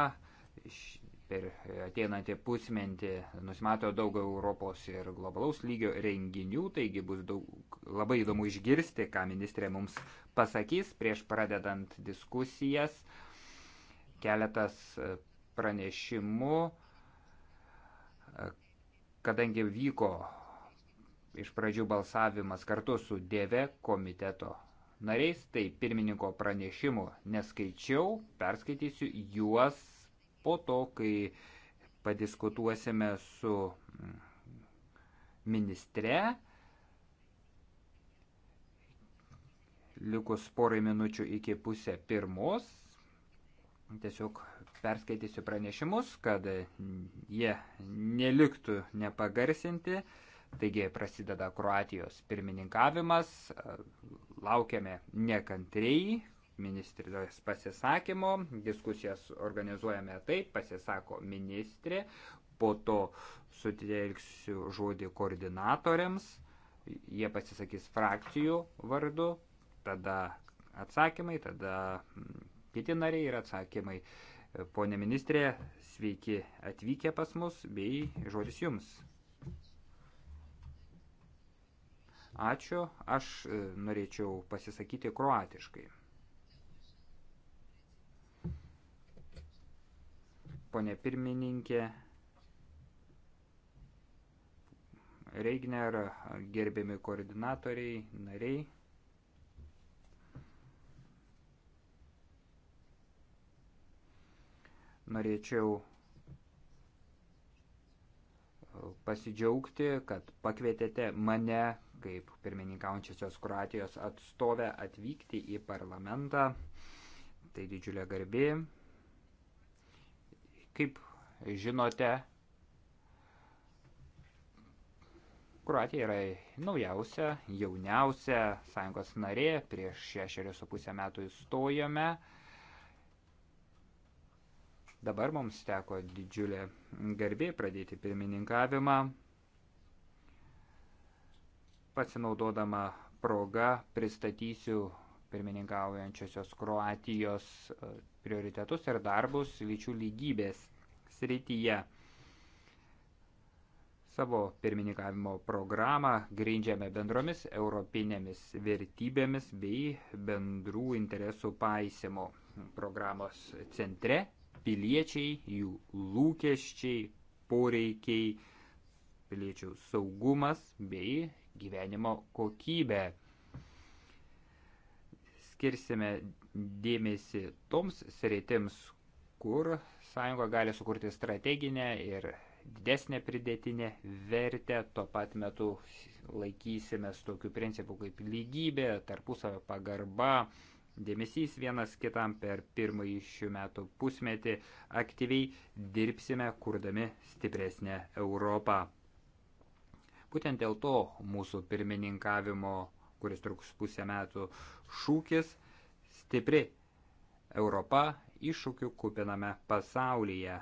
Per ateinantį pusmentį nusimato daug Europos ir globalaus lygio renginių, taigi bus daug, labai įdomu išgirsti, ką ministrė mums pasakys prieš pradedant diskusijas. Keletas e, pranešimų, e, kadangi vyko iš pradžių balsavimas kartu su DV komiteto nariais, tai pirmininko pranešimų neskaičiau, perskaitysiu juos po to, kai padiskutuosime su mm, ministre likus porai minučių iki pusę pirmos. Tiesiog perskaitysiu pranešimus, kad jie neliktų nepagarsinti. Taigi prasideda Kroatijos pirmininkavimas, laukiame nekantriai ministrės pasisakymo, diskusijas organizuojame taip, pasisako ministrė, po to sutelksiu žodį koordinatoriams, jie pasisakys frakcijų vardu, tada atsakymai, tada mm, kiti nariai ir atsakymai. Pone ministrė, sveiki atvykę pas mus, bei žodis jums. Ačiū, aš e, norėčiau pasisakyti kroatiškai. Pone pirmininkė, Reigner, gerbiami koordinatoriai, nariai. Norėčiau e, pasidžiaugti, kad pakvietėte mane kaip pirmininkaujančiosios Kroatijos atstovę atvykti į parlamentą. Tai didžiulė garbė. Kaip žinote, Kroatija yra naujausia, jauniausia sąjungos narė, prieš šešerius su pusę metų įstojome. Dabar mums teko didžiulė garbė pradėti pirmininkavimą, pasinaudodama progą pristatysiu pirmininkaujančiosios Kroatijos e, prioritetus ir darbus lyčių lygybės srityje. Savo pirmininkavimo programą grindžiame bendromis europinėmis vertybėmis bei bendrų interesų paisimu. Programos centre piliečiai, jų lūkesčiai, poreikiai, piliečių saugumas bei gyvenimo kokybę. Skirsime dėmesį toms sritims, kur sąjunga gali sukurti strateginę ir didesnę pridėtinę vertę, tuo pat metu laikysimės tokių principų kaip lygybė, tarpusavio pagarba, dėmesys vienas kitam per pirmąjį šių metų pusmetį. Aktyviai dirbsime, kurdami stipresnę Europą. Būtent dėl to mūsų pirmininkavimo, kuris truks pusę metų, šūkis stipri Europa iššūkių kupiname pasaulyje.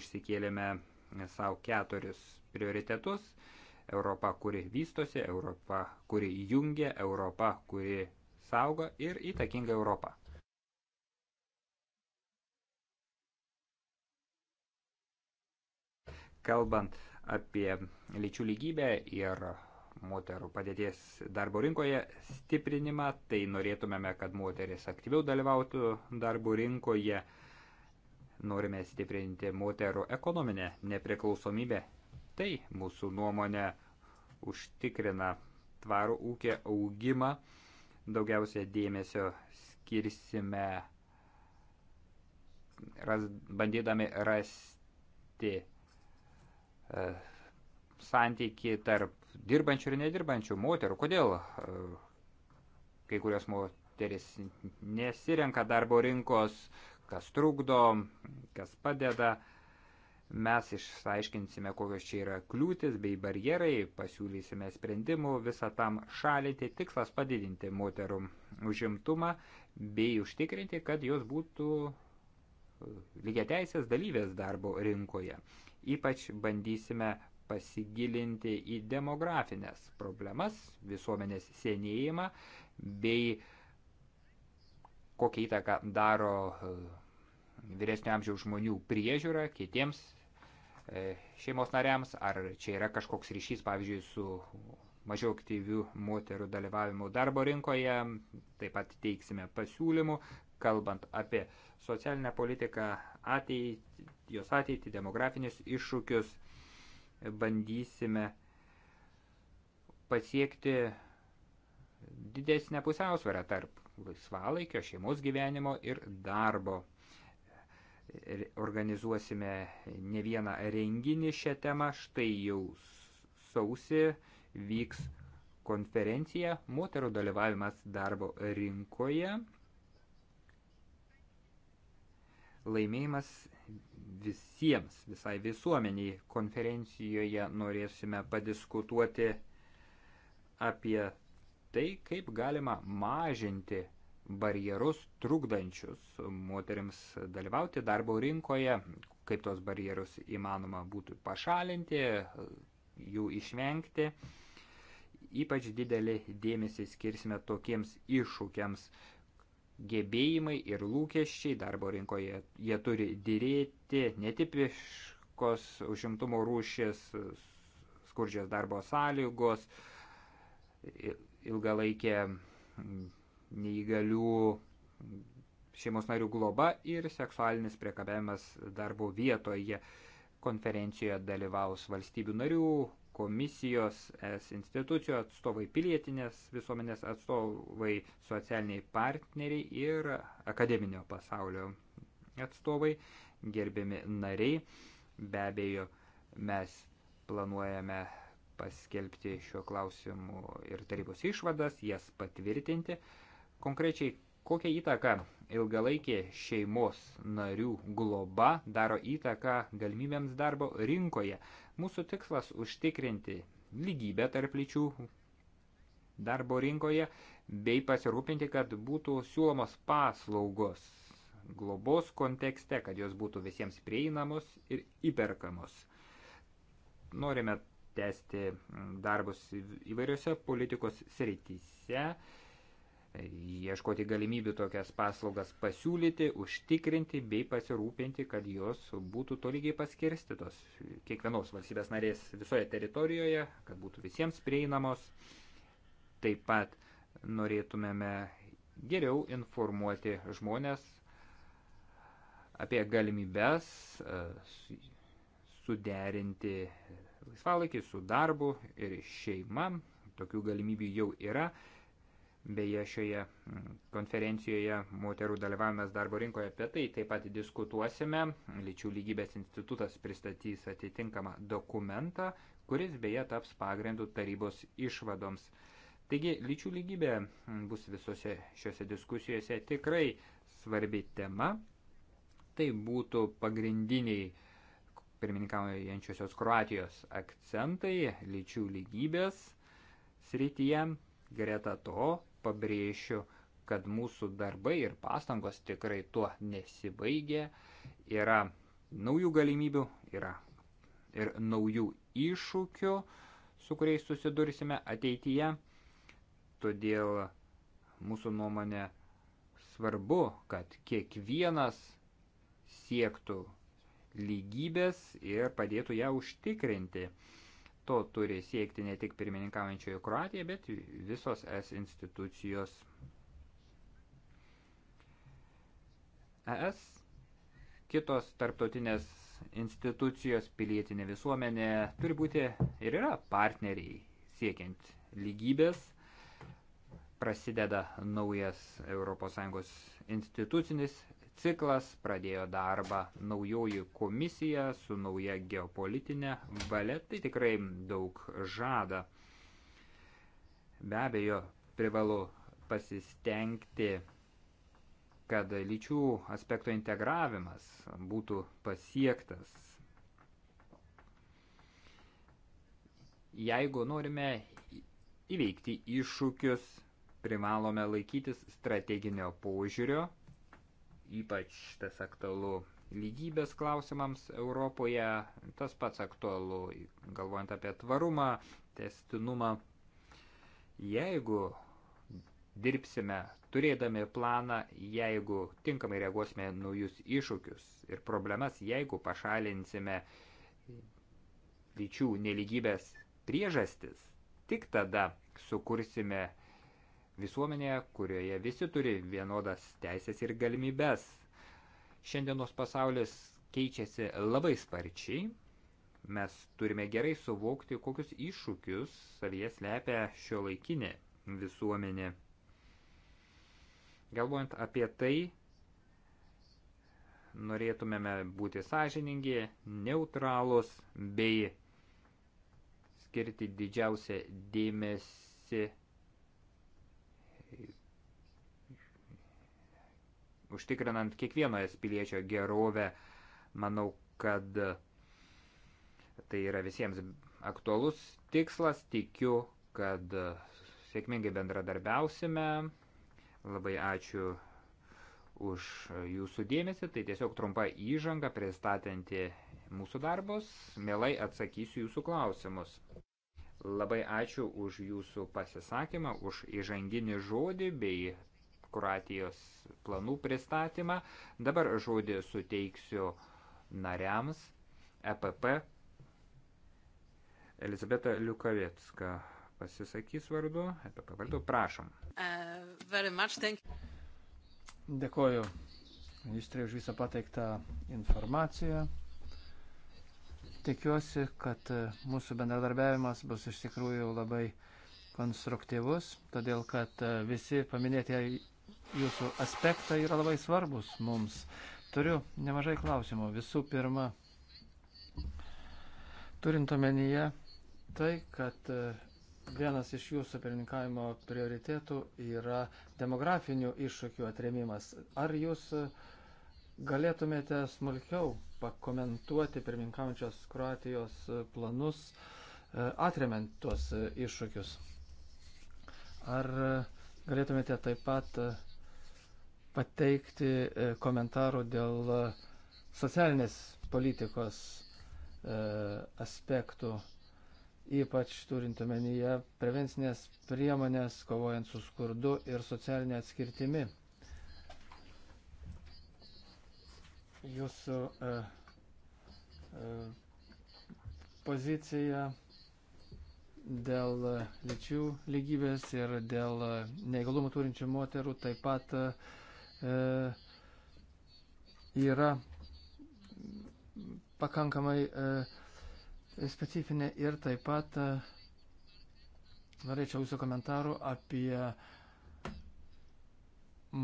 Išsikėlėme savo keturis prioritetus. Europa, kuri vystosi, Europa, kuri jungia, Europa, kuri saugą ir įtakingą Europą. Kalbant apie lyčių lygybę ir moterų padėties darbo rinkoje stiprinimą, tai norėtumėme, kad moteris aktyviau dalyvautų darbo rinkoje. Norime stiprinti moterų ekonominę nepriklausomybę. Tai mūsų nuomonė užtikrina tvarų ūkio augimą Daugiausia dėmesio skirsime ras, bandydami rasti e, santyki tarp dirbančių ir nedirbančių moterų. Kodėl e, kai kurios moteris nesirenka darbo rinkos, kas trukdo, kas padeda. Mes išaiškinsime, kokios čia yra kliūtis bei barjerai, pasiūlysime sprendimų visą tam šalinti, tikslas padidinti moterų užimtumą bei užtikrinti, kad jos būtų lygiateisės dalyvės darbo rinkoje. Ypač bandysime pasigilinti į demografinės problemas, visuomenės senėjimą bei kokią įtaką daro vyresnio amžiaus žmonių priežiūra kitiems E, šeimos nariams, ar čia yra kažkoks ryšys, pavyzdžiui, su mažiau aktyvių moterų dalyvavimu darbo rinkoje. Taip pat teiksime pasiūlymų, kalbant apie socialinę politiką, ateitį, jos ateitį, demografinius iššūkius. Bandysime pasiekti didesnę pusiausvyrą tarp laisvalaikio, šeimos gyvenimo ir darbo organizuosime ne vieną renginį šią temą. Štai jau sausi vyks konferencija moterų dalyvavimas darbo rinkoje. Laimėjimas visiems, visai visuomeniai konferencijoje norėsime padiskutuoti apie tai, kaip galima mažinti barjerus trukdančius moteriams dalyvauti darbo rinkoje, kaip tos barjerus įmanoma būtų pašalinti, jų išvengti. Ypač didelį dėmesį skirsime tokiems iššūkiams. Gebėjimai ir lūkesčiai darbo rinkoje jie turi dėrėti netipiškos užimtumo rūšės, skurdžios darbo sąlygos, ilgalaikė neįgalių šeimos narių globa ir seksualinis priekabiavimas darbo vietoje. Konferencijoje dalyvaus valstybių narių, komisijos, es institucijų atstovai, pilietinės visuomenės atstovai, socialiniai partneriai ir akademinio pasaulio atstovai, gerbiami nariai. Be abejo, mes planuojame paskelbti šiuo klausimu ir tarybos išvadas, jas patvirtinti. Konkrečiai, kokią įtaką ilgalaikė šeimos narių globa daro įtaką galimybėms darbo rinkoje. Mūsų tikslas užtikrinti lygybę tarp lyčių darbo rinkoje bei pasirūpinti, kad būtų siūlomos paslaugos globos kontekste, kad jos būtų visiems prieinamos ir įperkamos. Norime tęsti darbus įvairiose politikos srityse ieškoti galimybių tokias paslaugas pasiūlyti, užtikrinti bei pasirūpinti, kad jos būtų tolygiai paskirstytos kiekvienos valstybės narės visoje teritorijoje, kad būtų visiems prieinamos. Taip pat norėtumėme geriau informuoti žmonės apie galimybės e, suderinti laisvalaikį su darbu ir šeima. Tokių galimybių jau yra Beje, šioje mm, konferencijoje moterų dalyvavimas darbo rinkoje apie tai taip pat diskutuosime. Lyčių lygybės institutas pristatys atitinkamą dokumentą, kuris beje taps pagrindų tarybos išvadoms. Taigi, lyčių lygybė mm, bus visose šiuose diskusijose tikrai svarbi tema. Tai būtų pagrindiniai pirmininkaujančiosios Kroatijos akcentai lyčių lygybės srityje. Greta to pabrėšiu, kad mūsų darbai ir pastangos tikrai tuo nesibaigė. Yra naujų galimybių, yra ir naujų iššūkių, su kuriais susidursime ateityje. Todėl mūsų nuomonė svarbu, kad kiekvienas siektų lygybės ir padėtų ją užtikrinti. To turi siekti ne tik pirmininkaujančioji Kroatija, bet visos es institucijos. ES kitos tarptautinės institucijos, pilietinė visuomenė turi būti ir yra partneriai siekiant lygybės. Prasideda naujas ES institucinis ciklas, pradėjo darbą naujoji komisija su nauja geopolitinė valia, tai tikrai daug žada. Be abejo, privalu pasistengti, kad lyčių aspekto integravimas būtų pasiektas. Jeigu norime įveikti iššūkius, privalome laikytis strateginio požiūrio – ypač tas aktualu lygybės klausimams Europoje, tas pats aktualu, galvojant apie tvarumą, testinumą. Jeigu dirbsime turėdami planą, jeigu tinkamai reaguosime naujus iššūkius ir problemas, jeigu pašalinsime lyčių neligybės priežastis, tik tada sukursime visuomenėje, kurioje visi turi vienodas teisės ir galimybės. Šiandienos pasaulis keičiasi labai sparčiai. Mes turime gerai suvokti, kokius iššūkius savyje slepia šio laikinė visuomenė. Galvojant apie tai, norėtumėme būti sąžiningi, neutralus bei skirti didžiausią dėmesį užtikrinant kiekvieno es piliečio gerovę. Manau, kad tai yra visiems aktualus tikslas, tikiu, kad sėkmingai bendradarbiausime. Labai ačiū už jūsų dėmesį. Tai tiesiog trumpa įžanga pristatanti mūsų darbus. Mielai atsakysiu jūsų klausimus. Labai ačiū už jūsų pasisakymą, už įžanginį žodį bei Kroatijos planų pristatymą. Dabar žodį suteiksiu nariams EPP. Elizabeta Liukavecka pasisakys vardu, EPP vardu, prašom. Uh, Dėkoju ministrė už visą pateiktą informaciją. Tikiuosi, kad uh, mūsų bendradarbiavimas bus iš tikrųjų labai konstruktyvus, todėl kad uh, visi paminėti jūsų aspektai yra labai svarbus mums. Turiu nemažai klausimų. Visų pirma, turint omenyje tai, kad e, vienas iš jūsų pirmininkavimo prioritėtų yra demografinių iššūkių atremimas. Ar jūs e, galėtumėte smulkiau pakomentuoti pirmininkaujančios Kroatijos e, planus atremiant tuos iššūkius? Ar galėtumėte taip pat pateikti e, komentarų dėl e, socialinės politikos e, aspektų, ypač turint omenyje prevencinės priemonės, kovojant su skurdu ir socialinė atskirtimi. Jūsų pozicija dėl lyčių lygybės ir dėl neįgalumų turinčių moterų taip pat uh, E, yra pakankamai e, specifinė ir taip pat e, norėčiau jūsų komentarų apie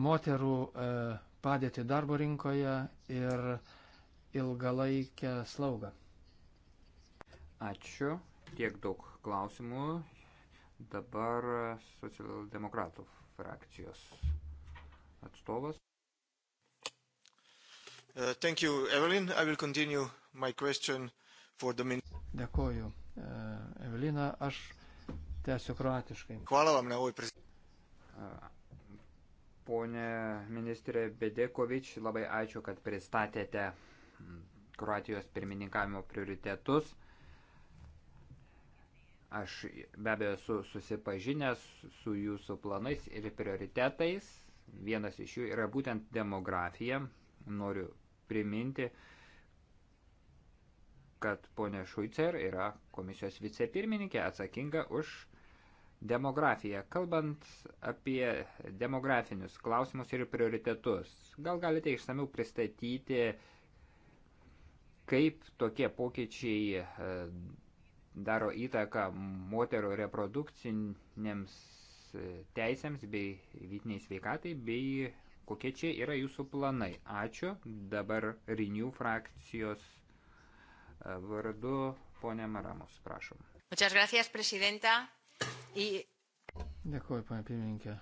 moterų padėtį darbo rinkoje ir ilgalaikę slaugą. Ačiū. Tiek daug klausimų. Dabar socialdemokratų frakcijos atstovas. Uh, thank you, Evelyn. I will continue my question for the min. Dėkoju, uh, Evelina. Aš tęsiu kroatiškai. Hvala vam na ovoj prezentacijai. Pone ministrė Bedekovič, labai ačiū, kad pristatėte Kroatijos pirmininkavimo prioritetus. Aš be abejo esu susipažinęs su jūsų planais ir prioritetais Vienas iš jų yra būtent demografija. Noriu priminti, kad ponė Šuicer yra komisijos vicepirmininkė atsakinga už demografiją. Kalbant apie demografinius klausimus ir prioritetus, gal galite išsamiau pristatyti, kaip tokie pokyčiai e, daro įtaką moterų reprodukcinėms teisėms bei vytiniai sveikatai, bei kokie čia yra jūsų planai. Ačiū. Dabar Renew frakcijos e, vardu ponė Maramos, prašom. Muchas gracias, prezidenta. Y... Dėkuoju, ponė pirmininkė.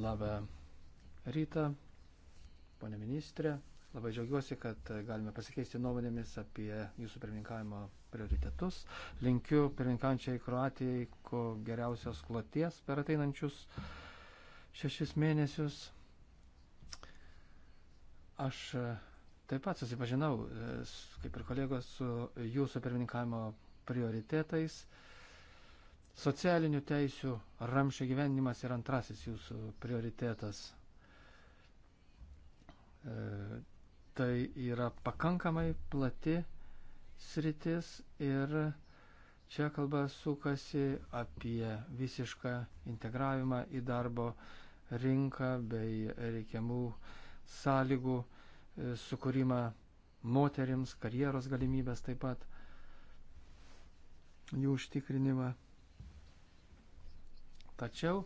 Labą rytą, ponė ministrė. Labai džiaugiuosi, kad galime pasikeisti nuomonėmis apie jūsų pirmininkavimo prioritetus. Linkiu pirmininkaujančiai Kroatijai ko geriausios kloties per ateinančius šešis mėnesius. Aš taip pat susipažinau, e, kaip ir kolegos, su jūsų pirmininkavimo prioritetais. Socialinių teisių ramšio gyvenimas yra antrasis jūsų prioritetas e, tai yra pakankamai plati sritis ir čia kalba sukasi apie visišką integravimą į darbo rinką bei reikiamų sąlygų e, sukūrimą moterims, karjeros galimybės taip pat, jų užtikrinimą. Tačiau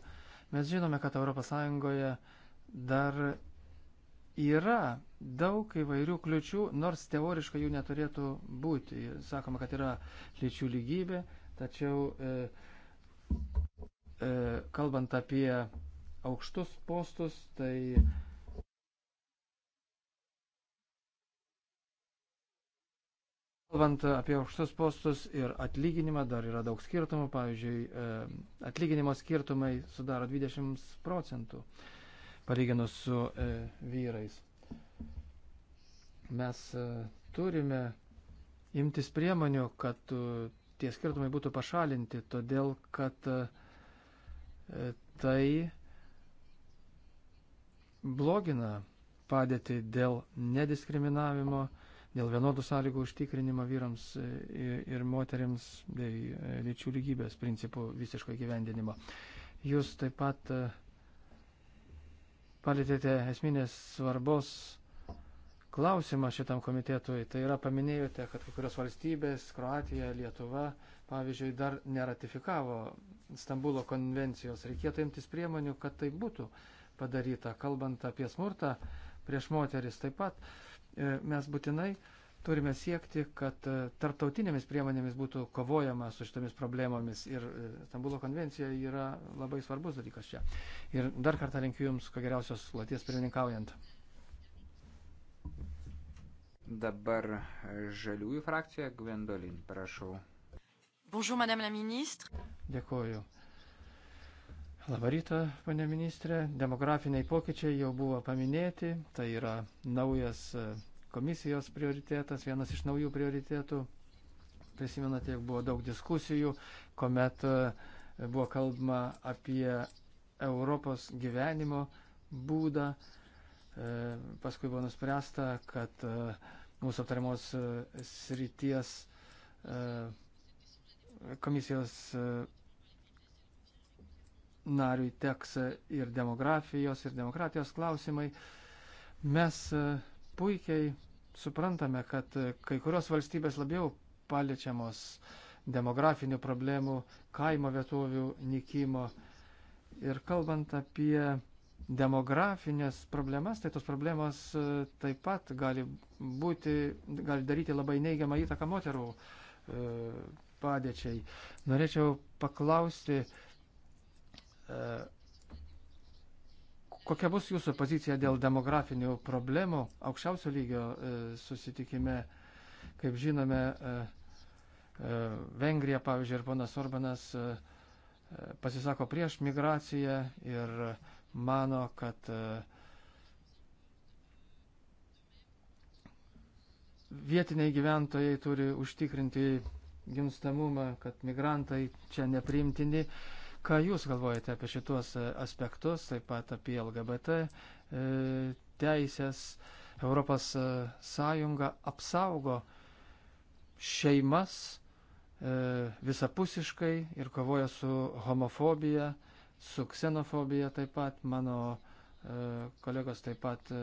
mes žinome, kad ES dar yra daug įvairių kliučių, nors teoriškai jų neturėtų būti. Sakoma, kad yra lyčių lygybė, tačiau e, e, kalbant apie aukštus postus, tai Kalbant apie aukštus postus ir atlyginimą, dar yra daug skirtumų. Pavyzdžiui, e, atlyginimo skirtumai sudaro 20 procentų palyginus su e, vyrais. Mes e, turime imtis priemonių, kad e, tie skirtumai būtų pašalinti, todėl kad e, tai blogina padėtį dėl nediskriminavimo, dėl vienodų sąlygų užtikrinimo vyrams ir moteriams bei lyčių lygybės principų visiško gyvendinimo. Jūs taip pat palėtėte esminės svarbos klausimą šitam komitetui. Tai yra paminėjote, kad kai kurios valstybės, Kroatija, Lietuva, pavyzdžiui, dar neratifikavo Stambulo konvencijos. Reikėtų imtis priemonių, kad tai būtų padaryta. Kalbant apie smurtą prieš moteris taip pat, e, mes būtinai turime siekti, kad e, tarptautinėmis priemonėmis būtų kovojama su šitomis problemomis. Ir e, Stambulo konvencija yra labai svarbus dalykas čia. Ir dar kartą linkiu Jums, ko geriausios laties pirmininkaujant. Dabar žaliųjų frakcija Gwendolin, prašau. Bonjour, madame la ministre. Dėkuoju. Labą rytą, pane ministrė. Demografiniai pokyčiai jau buvo paminėti. Tai yra naujas e, komisijos prioritetas, vienas iš naujų prioritetų. Prisimenate, jog buvo daug diskusijų, kuomet e, buvo kalbama apie Europos gyvenimo būdą. E, paskui buvo nuspręsta, kad e, mūsų aptariamos e, srities komisijos nariui teks ir demografijos, ir demokratijos klausimai. Mes puikiai suprantame, kad kai kurios valstybės labiau paliečiamos demografinių problemų, kaimo vietovių nikimo. Ir kalbant apie demografinės problemas, tai tos problemos e, taip pat gali, būti, gali daryti labai neigiamą įtaką moterų e, padėčiai. Norėčiau paklausti, e, kokia bus jūsų pozicija dėl demografinių problemų aukščiausio lygio susitikime, kaip žinome, Vengrija, pavyzdžiui, ir ponas Orbanas pasisako prieš migraciją ir mano, kad e, vietiniai gyventojai turi užtikrinti gimstamumą, kad migrantai čia nepriimtini. Ką Jūs galvojate apie šitos e, aspektus, taip pat apie LGBT e, teisės? Europos Sąjunga apsaugo šeimas visapusiškai ir kovoja su homofobija su ksenofobija taip pat mano e, kolegos taip pat e,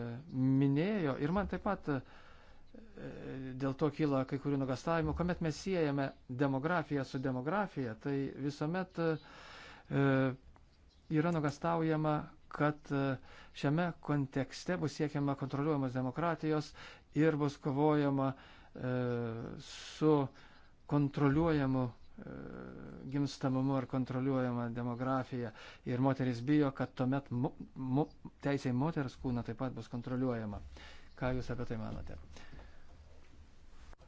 minėjo ir man taip pat e, dėl to kyla kai kurių nugastavimų, kuomet mes siejame demografiją su demografija, tai visuomet yra nugastaujama, kad šiame kontekste bus siekiama kontroliuojamos demokratijos ir bus kovojama su kontroliuojamu gimstamumu ar kontroliuojama demografija ir moteris bijo, kad tuomet mu, mu, teisė į moters kūną taip pat bus kontroliuojama. Ką Jūs apie tai manote?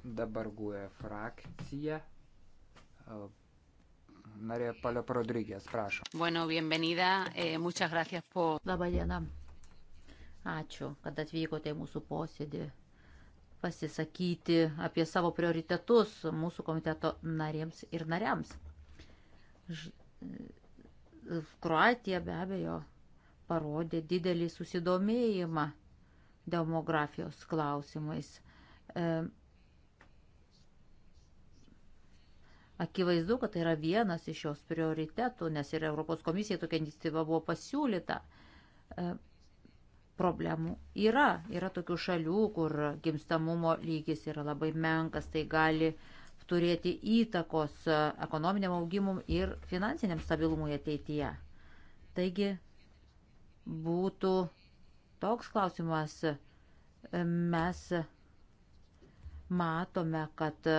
Dabar guoja e frakcija. Narė Palio Rodrygės, prašom. Bueno, bienvenida, eh, muchas gracias por... Labą dieną. Ačiū, kad atvykote į mūsų posėdį pasisakyti apie savo prioritetus mūsų komiteto narėms ir nariams. E, Kroatija be abejo parodė didelį susidomėjimą demografijos klausimais. E, Akivaizdu, kad tai yra vienas iš jos prioritetų, nes ir Europos komisija tokia iniciatyva buvo pasiūlyta. E, problemų yra. Yra tokių šalių, kur gimstamumo lygis yra labai menkas, tai gali turėti įtakos ekonominiam augimum ir finansiniam stabilumui ateityje. Taigi būtų toks klausimas, mes matome, kad e,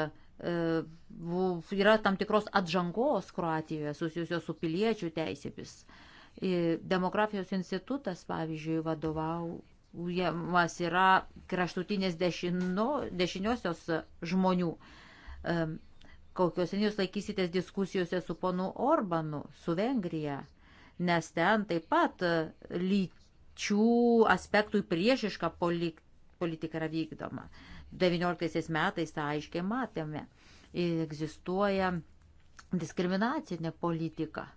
yra tam tikros atžangos Kroatijoje susijusios su piliečių teisėmis. Demografijos institutas, pavyzdžiui, vadovaujamas yra kraštutinės dešino, dešiniosios žmonių. Kokios jūs laikysitės diskusijose su ponu Orbanu, su Vengrija, nes ten taip pat lyčių aspektui priešiška politika yra vykdoma. 19 metais tą aiškiai matėme. Egzistuoja diskriminacinė politika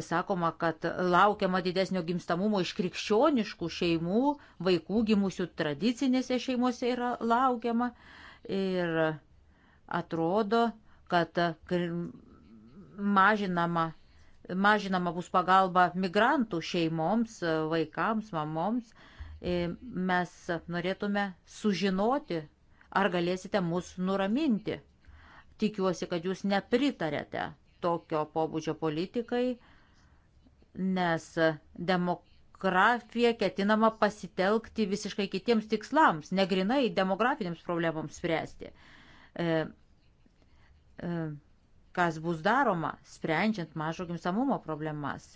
sakoma, kad laukiama didesnio gimstamumo iš krikščioniškų šeimų, vaikų gimusių tradicinėse šeimose yra laukiama. Ir atrodo, kad mažinama, mažinama bus pagalba migrantų šeimoms, vaikams, mamoms. E, mes norėtume sužinoti, ar galėsite mus nuraminti. Tikiuosi, kad jūs nepritarėte tokio pobūdžio politikai nes demografiją ketinama pasitelkti visiškai kitiems tikslams, negrinai demografiniams problemams spręsti. E, e, kas bus daroma, sprendžiant mažo gimstamumo problemas.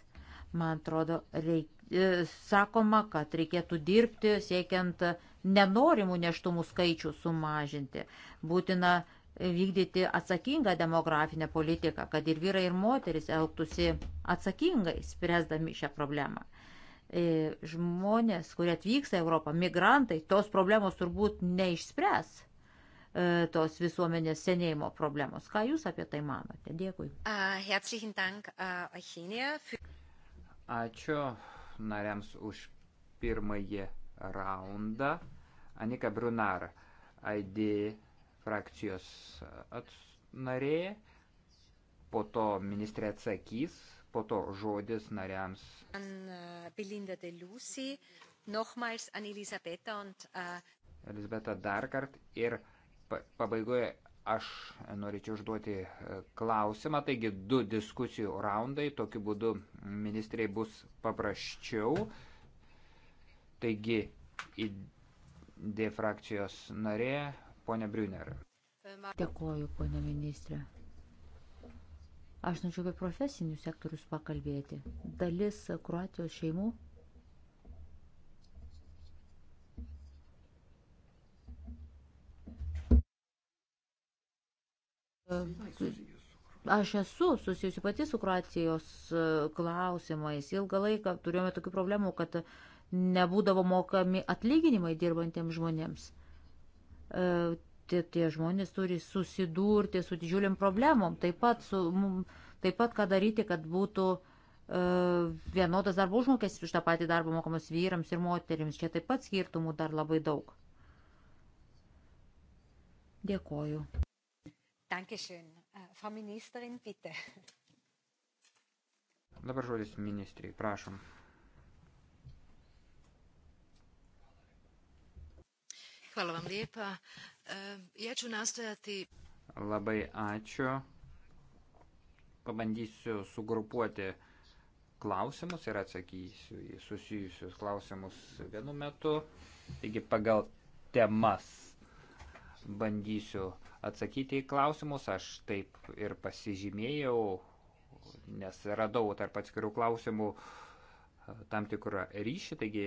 Man atrodo, reik, e, sakoma, kad reikėtų dirbti siekiant nenorimų neštumų skaičių sumažinti. Būtina vykdyti atsakingą demografinę politiką, kad ir vyrai, ir moteris elgtųsi atsakingai, spręsdami šią problemą. E, žmonės, kurie atvyksta į Europą, migrantai, tos problemos turbūt neišspręs, e, tos visuomenės senėjimo problemos. Ką Jūs apie tai manote? Dėkui. Ačiū nariams už pirmąjį raundą. Anika Brunar, ID frakcijos narė, po to ministrė atsakys, po to žodis nariams. Uh, Elizabeta uh, dar kart ir pabaigoje aš norėčiau užduoti uh, klausimą, taigi du diskusijų raundai, tokiu būdu ministrei bus paprasčiau. Taigi, ID frakcijos narė, Pone Brüner. Dėkoju, ponė ministrė. Aš norėčiau apie profesinius sektorius pakalbėti. Dalis Kroatijos šeimų Aš esu susijusi pati su Kroatijos e, klausimais. Ilgą laiką turėjome tokių problemų, kad nebūdavo mokami atlyginimai dirbantiems žmonėms. E, tie, tie žmonės turi susidurti su didžiuliam problemom, taip pat, su, taip pat ką daryti, kad būtų e, vienodas darbo užmokestis už tą patį darbą mokamas vyrams ir moterims. Čia taip pat skirtumų dar labai daug. Dėkoju. Dankeschön. Äh, Frau Ministerin, bitte. Dabar žodis ministrei, prašom. Hvala vam lijepa. E, ja ću nastojati. Labai ačiū. Pabandysiu sugrupuoti klausimus ir atsakysiu į susijusius klausimus vienu metu. Taigi pagal temas bandysiu atsakyti į klausimus. Aš taip ir pasižymėjau, nes radau tarp atskirų klausimų e, tam tikrą ryšį, taigi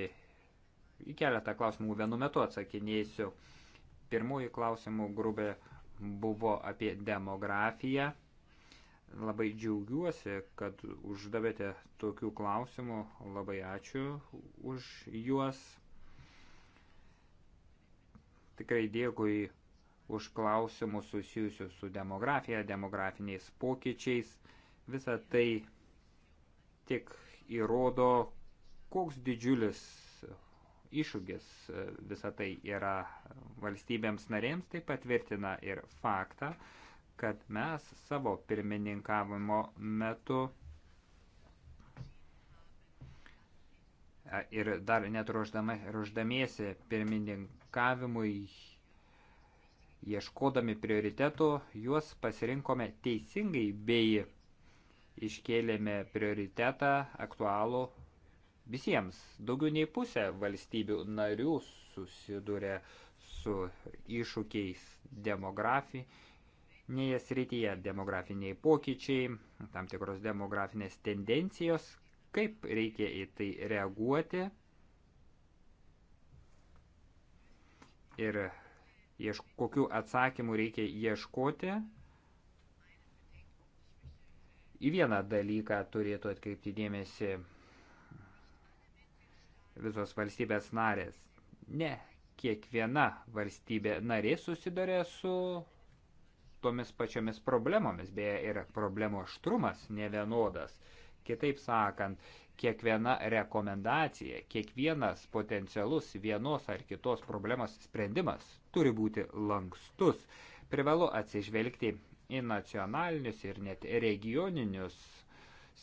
į keletą klausimų vienu metu atsakinėsiu. Pirmųjų klausimų grubė buvo apie demografiją. Labai džiaugiuosi, kad uždavėte tokių klausimų. Labai ačiū už juos. Tikrai dėkui už klausimus susijusius su demografija, demografiniais pokyčiais. Visa tai tik įrodo, koks didžiulis iššūkis e, visą tai yra valstybėms narėms, tai patvirtina ir faktą, kad mes savo pirmininkavimo metu e, ir dar net ruoždama, ruoždamiesi pirmininkavimui ieškodami prioritetų, juos pasirinkome teisingai bei iškėlėme prioritetą aktualų visiems. Daugiau nei pusė valstybių narių susiduria su iššūkiais demografinėje srityje, demografiniai pokyčiai, tam tikros demografinės tendencijos, kaip reikia į tai reaguoti ir ieš, kokiu atsakymu reikia ieškoti. Į vieną dalyką turėtų atkreipti dėmesį visos valstybės narės. Ne, kiekviena valstybė narė susiduria su tomis pačiomis problemomis, beje, ir problemo aštrumas nevienodas. Kitaip sakant, kiekviena rekomendacija, kiekvienas potencialus vienos ar kitos problemos sprendimas turi būti lankstus. Privalu atsižvelgti į nacionalinius ir net regioninius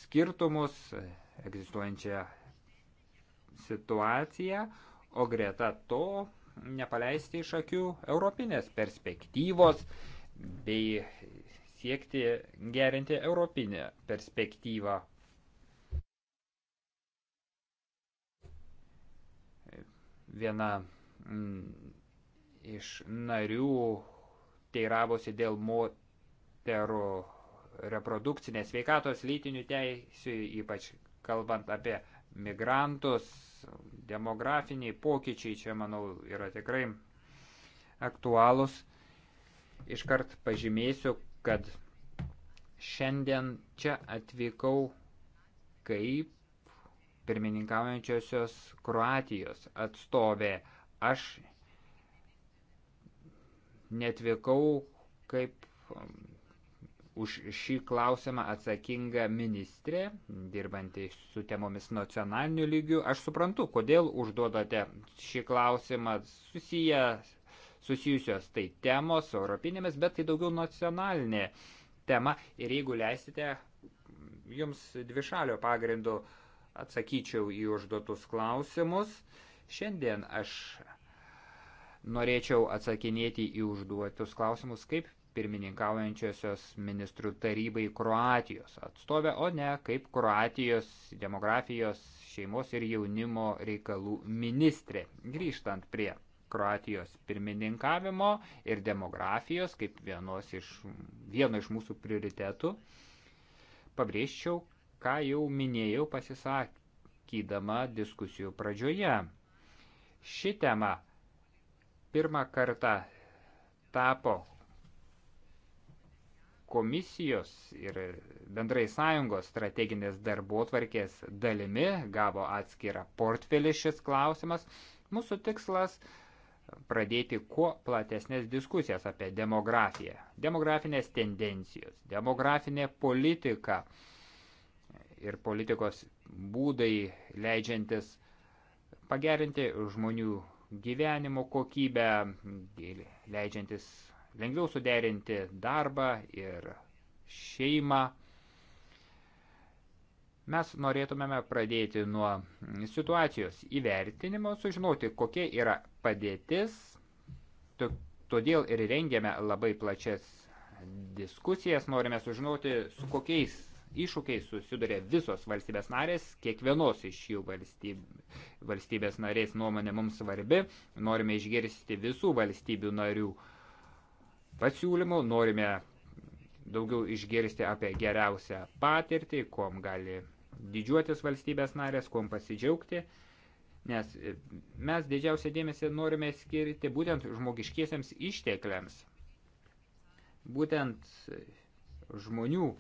skirtumus, egzistuojančią situaciją, o greta to nepaleisti iš akių europinės perspektyvos bei siekti gerinti europinę perspektyvą. Viena mm, iš narių teiravosi dėl moterų reprodukcinės veikatos lytinių teisių, ypač kalbant apie migrantus, demografiniai pokyčiai čia, manau, yra tikrai aktualūs. Iškart pažymėsiu, kad šiandien čia atvykau kaip pirmininkaujančiosios Kroatijos atstovė. Aš netvykau kaip už šį klausimą atsakinga ministrė, dirbanti su temomis nacionaliniu lygiu. Aš suprantu, kodėl užduodate šį klausimą susiję, susijusios tai temos europinėmis, bet tai daugiau nacionalinė tema. Ir jeigu leisite, jums dvišalio pagrindu atsakyčiau į užduotus klausimus. Šiandien aš norėčiau atsakinėti į užduotus klausimus kaip pirmininkaujančiosios ministrų tarybai Kroatijos atstovę, o ne kaip Kroatijos demografijos šeimos ir jaunimo reikalų ministrė. Grįžtant prie Kroatijos pirmininkavimo ir demografijos kaip vienos iš, vieno iš mūsų prioritetų, pabrėžčiau, ką jau minėjau pasisakydama diskusijų pradžioje. Ši tema pirmą kartą tapo komisijos ir bendrai sąjungos strateginės darbuotvarkės dalimi gavo atskirą portfelį šis klausimas. Mūsų tikslas pradėti kuo platesnės diskusijas apie demografiją, demografinės tendencijos, demografinė politika ir politikos būdai leidžiantis pagerinti žmonių gyvenimo kokybę, leidžiantis lengviau suderinti darbą ir šeimą. Mes norėtumėme pradėti nuo situacijos įvertinimo, sužinoti, kokia yra padėtis, todėl ir rengiame labai plačias diskusijas, norime sužinoti, su kokiais iššūkiais susiduria visos valstybės narės, kiekvienos iš jų valstyb... valstybės narės nuomonė mums svarbi, norime išgirsti visų valstybių narių uh, pasiūlymų, norime daugiau išgirsti apie geriausią patirtį, kuom gali didžiuotis valstybės narės, kuom pasidžiaugti, nes mes didžiausią dėmesį norime skirti būtent žmogiškiesiams ištekliams, būtent žmonių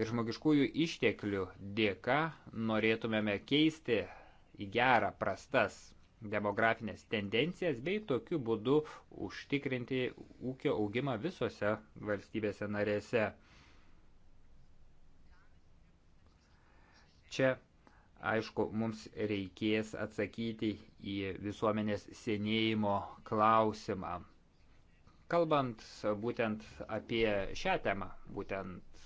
ir žmogiškųjų išteklių dėka norėtumėme keisti į gerą prastas demografinės tendencijas bei tokiu būdu užtikrinti ūkio augimą visose valstybėse narėse. Čia, aišku, mums reikės atsakyti į visuomenės senėjimo klausimą. Kalbant būtent apie šią temą, būtent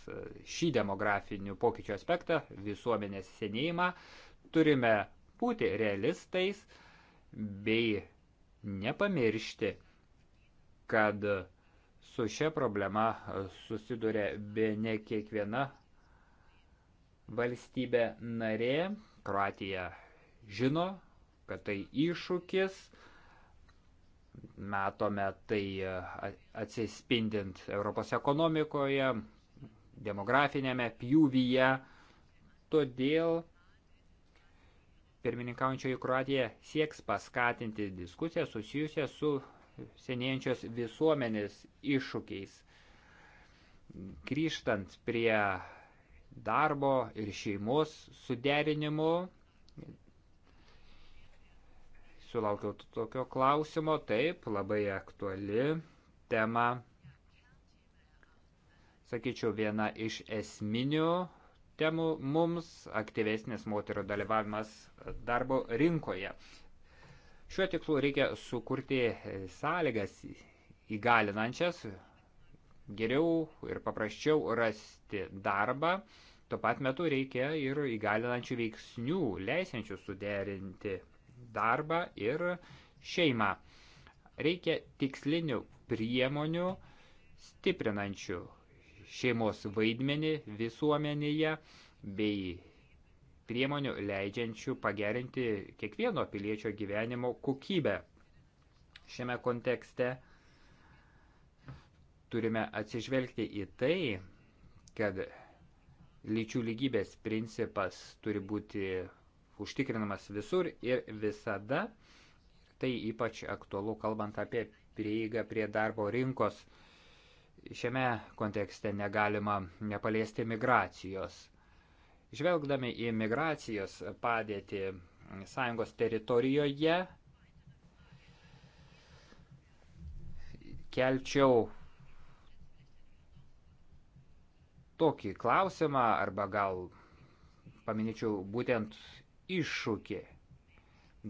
šį demografinių pokyčių aspektą, visuomenės senėjimą, turime būti realistais, bei nepamiršti, kad su šia problema susiduria be ne kiekviena valstybė narė. Kroatija žino, kad tai iššūkis. Matome tai atsispindint Europos ekonomikoje, demografinėme pjūvyje. Todėl pirmininkaujančioji Kroatija sieks paskatinti diskusiją susijusią su senėjančios visuomenės iššūkiais. Grįžtant prie darbo ir šeimos suderinimo, sulaukiau tokio klausimo, taip, labai aktuali tema, sakyčiau, viena iš esminių temų mums aktyvesnis moterų dalyvavimas darbo rinkoje. Šiuo tikslu reikia sukurti sąlygas įgalinančias geriau ir paprasčiau rasti darbą. Tuo pat metu reikia ir įgalinančių veiksnių, leisiančių suderinti darbą ir šeimą. Reikia tikslinių priemonių, stiprinančių šeimos vaidmenį visuomenėje bei priemonių leidžiančių pagerinti kiekvieno piliečio gyvenimo kokybę. Šiame kontekste turime atsižvelgti į tai, kad lyčių lygybės principas turi būti užtikrinamas visur ir visada. Tai ypač aktualu kalbant apie prieigą prie darbo rinkos. Šiame kontekste negalima nepaliesti migracijos. Žvelgdami į migracijos padėtį sąjungos teritorijoje, kelčiau tokį klausimą arba gal paminėčiau būtent iššūkį.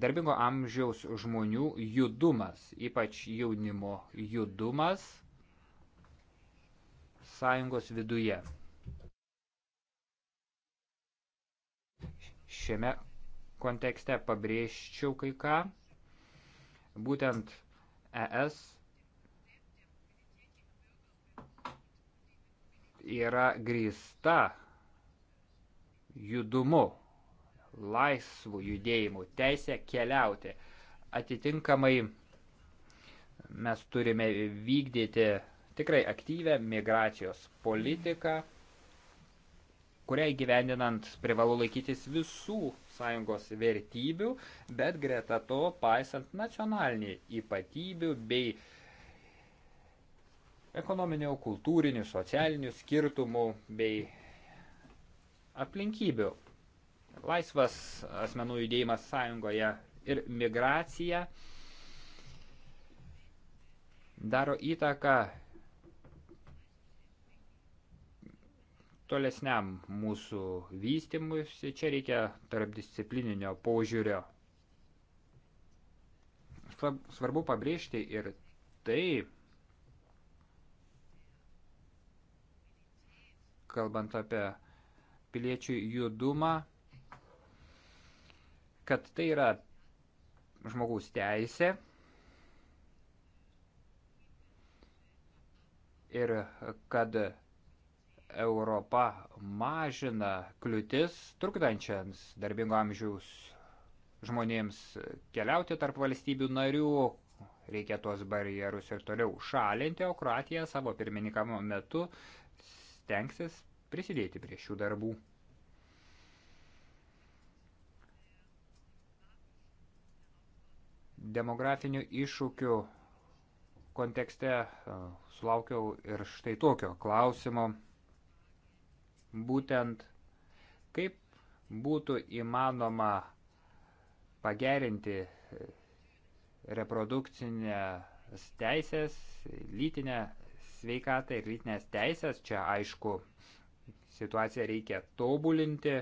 Darbingo amžiaus žmonių judumas, ypač jaunimo judumas sąjungos viduje. šiame kontekste pabrėžčiau kai ką. Būtent ES yra grįsta judumu, laisvų judėjimų, teisę keliauti. Atitinkamai mes turime vykdyti tikrai aktyvę migracijos politiką kuriai gyvendinant privalu laikytis visų sąjungos vertybių, bet greta to paisant nacionaliniai ypatybių bei ekonominio, kultūrinių, socialinių skirtumų bei aplinkybių. Laisvas asmenų judėjimas sąjungoje ir migracija daro įtaką tolesniam mūsų vystimui. Čia reikia tarpdisciplininio požiūrio. Svarbu pabrėžti ir tai, kalbant apie piliečių judumą, kad tai yra žmogaus teisė ir kad Europa mažina kliūtis trukdančiams darbingo amžiaus žmonėms keliauti tarp valstybių narių, reikia tuos barjerus ir toliau šalinti, o Kroatija savo pirmininkamo metu stengsis prisidėti prie šių darbų. Demografinių iššūkių kontekste e, sulaukiau ir štai tokio klausimo būtent kaip būtų įmanoma pagerinti e, reprodukcinės teisės, lytinę sveikatą ir lytinės teisės. Čia aišku, situaciją reikia tobulinti.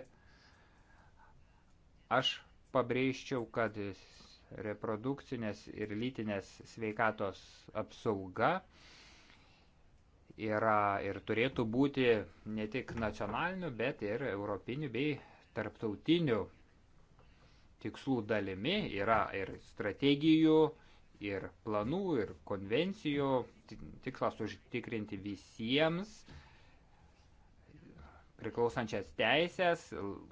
Aš pabrėžčiau, kad reprodukcinės ir lytinės sveikatos apsauga yra ir turėtų būti ne tik nacionalinių, bet ir europinių bei tarptautinių tikslų dalimi. Yra ir strategijų, ir planų, ir konvencijų. Tikslas užtikrinti visiems priklausančias teisės,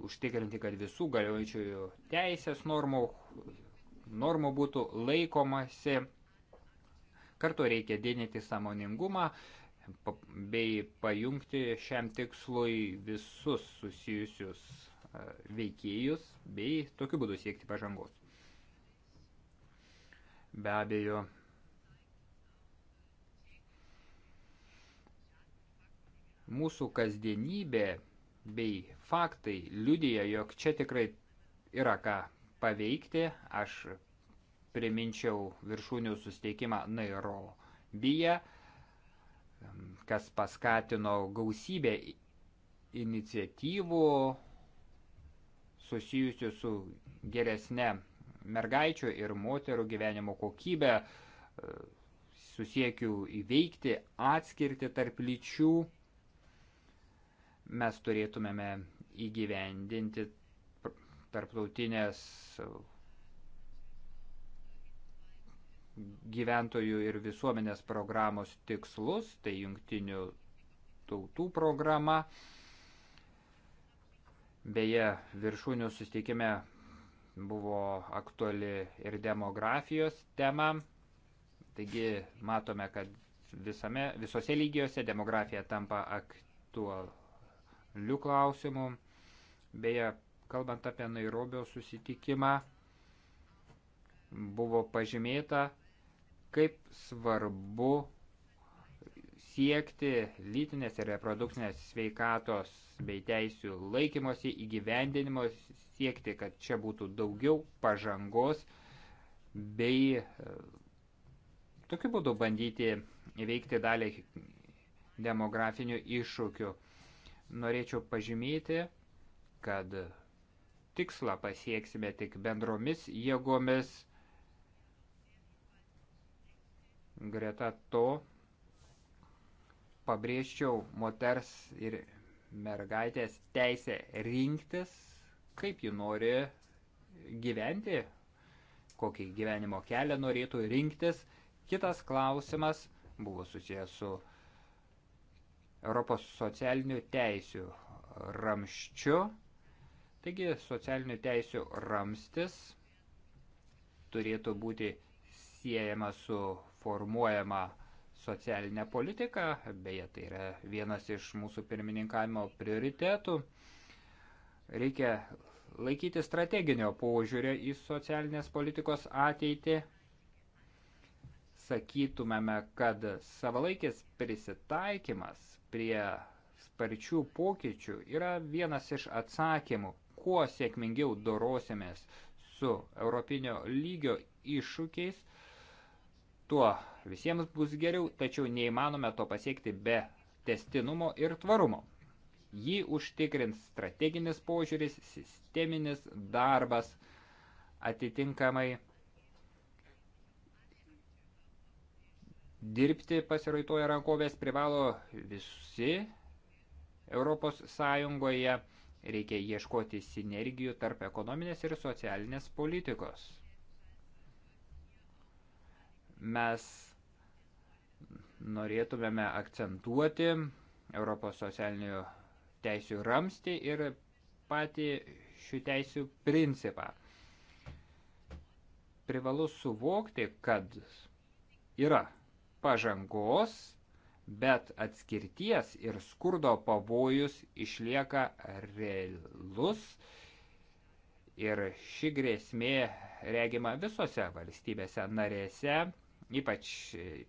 užtikrinti, kad visų galiojančiųjų teisės normų, normų būtų laikomasi. Kartu reikia dėnyti samoningumą, bei pajungti šiam tikslui visus susijusius veikėjus bei tokiu būdu siekti pažangos. Be abejo, mūsų kasdienybė bei faktai liudyja, jog čia tikrai yra ką paveikti. Aš priminčiau viršūnių susteikimą Nairo biją kas paskatino gausybę iniciatyvų susijusių su geresne mergaičių ir moterų gyvenimo kokybė, e, susiekiu įveikti atskirti tarp lyčių, mes turėtumėme įgyvendinti tarptautinės gyventojų ir visuomenės programos tikslus, tai jungtinių tautų programa. Beje, viršūnių sustikime buvo aktuali ir demografijos tema. Taigi matome, kad visame, visose lygiuose demografija tampa aktualiu klausimu. Beje, kalbant apie Nairobio susitikimą, buvo pažymėta, kaip svarbu siekti lytinės ir reprodukcinės sveikatos bei teisių laikymosi įgyvendinimo, siekti, kad čia būtų daugiau pažangos bei e, tokiu būdu bandyti įveikti dalį demografinių iššūkių. Norėčiau pažymėti, kad tikslą pasieksime tik bendromis jėgomis – Greta to pabrėžčiau moters ir mergaitės teisę rinktis, kaip ji nori gyventi, kokį gyvenimo kelią norėtų rinktis. Kitas klausimas buvo susijęs su Europos socialinių teisių ramščiu. Taigi socialinių teisių ramstis turėtų būti siejama su formuojama socialinė politika, beje, tai yra vienas iš mūsų pirmininkavimo prioritetų. Reikia laikyti strateginio požiūrio į socialinės politikos ateitį. Sakytumėme, kad savalaikis prisitaikymas prie sparčių pokyčių yra vienas iš atsakymų, kuo sėkmingiau dorosimės su europinio lygio iššūkiais, tuo visiems bus geriau, tačiau neįmanome to pasiekti be testinumo ir tvarumo. Jį užtikrins strateginis požiūris, sisteminis darbas, atitinkamai dirbti pasiraitoja rankovės privalo visi Europos Sąjungoje, reikia ieškoti sinergijų tarp ekonominės ir socialinės politikos. Mes norėtumėme akcentuoti Europos socialinių teisių ramstį ir patį šių teisių principą. Privalu suvokti, kad yra pažangos, bet atskirties ir skurdo pavojus išlieka realus ir ši grėsmė regima visose valstybėse narėse Ypač e,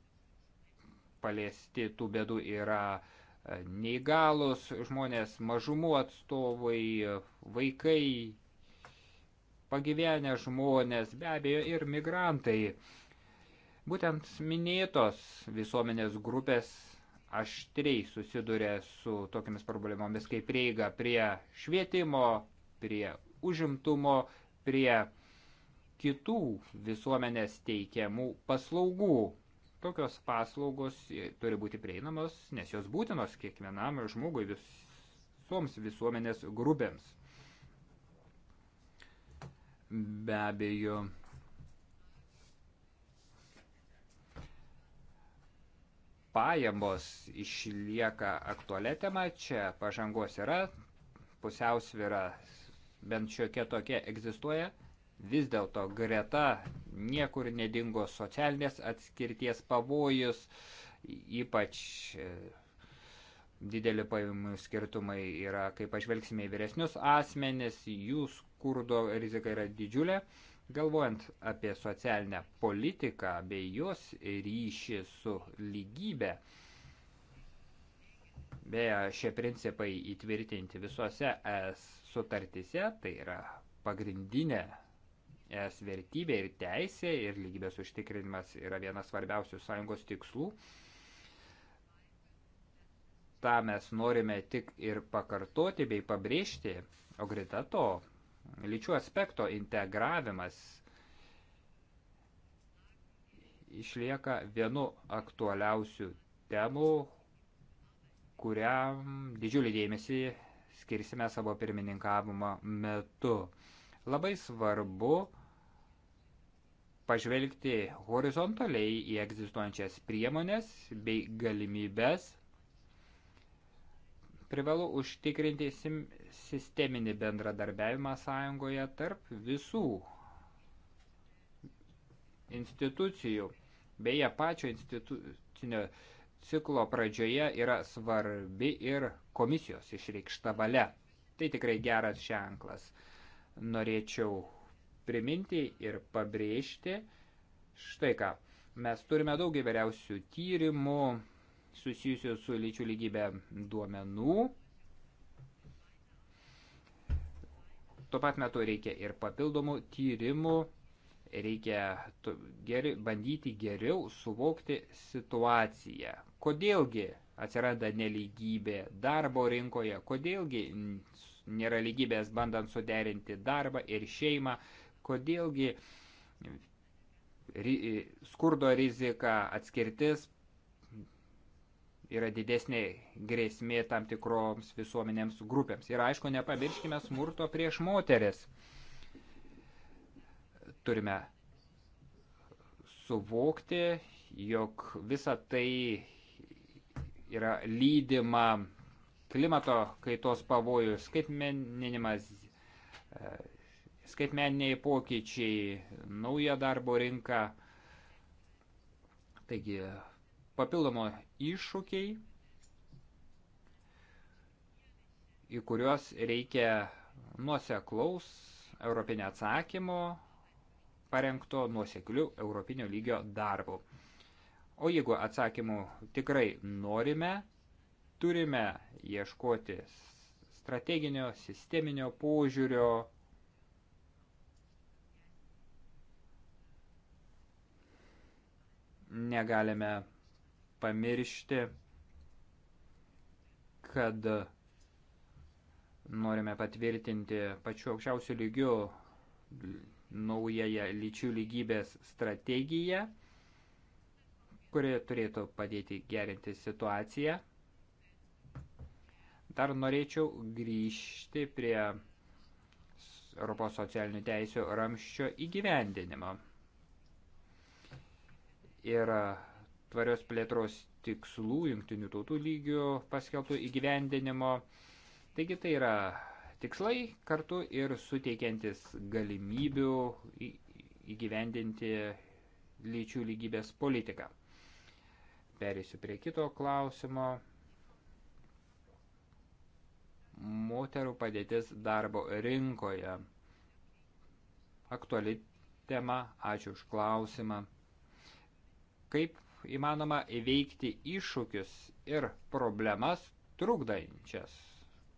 paliesti tų bėdų yra e, neįgalus žmonės, mažumų atstovai, vaikai, pagyvenę žmonės, be abejo ir migrantai. Būtent minėtos visuomenės grupės aštriai susiduria su tokiamis problemomis kaip prieiga prie švietimo, prie užimtumo, prie kitų visuomenės teikiamų paslaugų. Tokios paslaugos e, turi būti prieinamos, nes jos būtinos kiekvienam žmogui visoms visuomenės grupėms. Be abejo, pajamos išlieka aktualią temą, čia pažangos yra, pusiausvyra bent šiokia tokia egzistuoja, Vis dėlto greta niekur nedingo socialinės atskirties pavojus, ypač e, didelį pajamų skirtumai yra, kai pažvelgsime į vyresnius asmenis, jų skurdo rizika yra didžiulė. Galvojant apie socialinę politiką bei jos ryšį su lygybė, beje, šie principai įtvirtinti visose es sutartise, tai yra pagrindinė Es vertybė ir teisė ir lygybės užtikrinimas yra vienas svarbiausių sąjungos tikslų. Ta mes norime tik ir pakartoti bei pabrėžti, o greta to lyčių aspekto integravimas išlieka vienu aktualiausių temų, kuriam didžiulį dėmesį skirsime savo pirmininkavimo metu. Labai svarbu pažvelgti horizontaliai į egzistuojančias priemonės bei galimybės. Privalu užtikrinti sisteminį bendradarbiavimą sąjungoje tarp visų institucijų. Beje, pačio institucinio ciklo pradžioje yra svarbi ir komisijos išreikšta valia. Tai tikrai geras ženklas. Norėčiau priminti ir pabrėžti štai ką. Mes turime daug įvairiausių tyrimų susijusių su lyčių lygybė duomenų. Tuo pat metu reikia ir papildomų tyrimų, reikia geri, bandyti geriau suvokti situaciją. Kodėlgi atsiranda neligybė darbo rinkoje, kodėlgi nėra lygybės bandant suderinti darbą ir šeimą, Kodėlgi skurdo rizika, atskirtis yra didesnė grėsmė tam tikroms visuomenėms grupėms. Ir aišku, nepamirškime smurto prieš moteris. Turime suvokti, jog visa tai yra lydima klimato kaitos pavojus, skaitmeninimas, skaitmeniniai pokyčiai, nauja darbo rinka. Taigi, papildomo iššūkiai, į kuriuos reikia nuoseklaus europinio atsakymo, parengto nuoseklių europinio lygio darbo. O jeigu atsakymų tikrai norime, turime ieškoti strateginio, sisteminio požiūrio, negalime pamiršti, kad norime patvirtinti pačiu aukščiausiu lygiu naująją lyčių lygybės strategiją, kuri turėtų padėti gerinti situaciją. Dar norėčiau grįžti prie Europos socialinių teisių ramščio įgyvendinimo yra tvarios plėtros tikslų jungtinių tautų lygių paskelbtų įgyvendinimo. Taigi tai yra tikslai kartu ir suteikiantis galimybių įgyvendinti lyčių lygybės politiką. Perėsiu prie kito klausimo. Moterų padėtis darbo rinkoje. Aktuali tema. Ačiū už klausimą kaip įmanoma įveikti iššūkius ir problemas trukdančias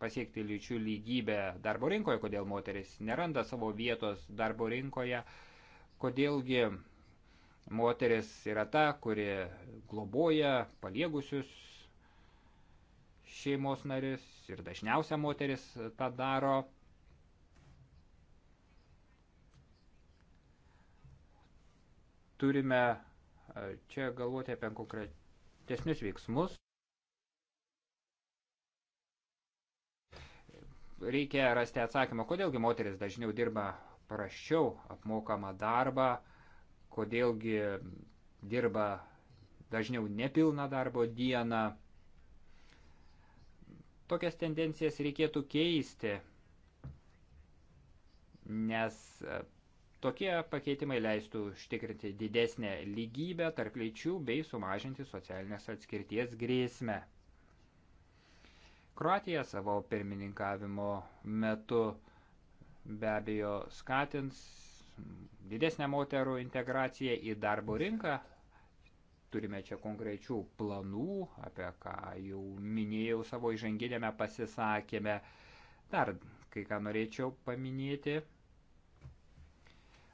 pasiekti lyčių lygybę darbo rinkoje, kodėl moteris neranda savo vietos darbo rinkoje, kodėlgi moteris yra ta, kuri globoja paliegusius šeimos narius ir dažniausia moteris tą daro. Turime čia galvoti apie konkretesnius veiksmus. Reikia rasti atsakymą, kodėlgi moteris dažniau dirba prasčiau apmokamą darbą, kodėlgi dirba dažniau nepilną darbo dieną. Tokias tendencijas reikėtų keisti, nes Tokie pakeitimai leistų užtikrinti didesnę lygybę tarp lyčių bei sumažinti socialinės atskirties grėsmę. Kroatija savo pirmininkavimo metu be abejo skatins didesnę moterų integraciją į darbo rinką. Turime čia konkrečių planų, apie ką jau minėjau savo įžanginėme pasisakėme. Dar kai ką norėčiau paminėti –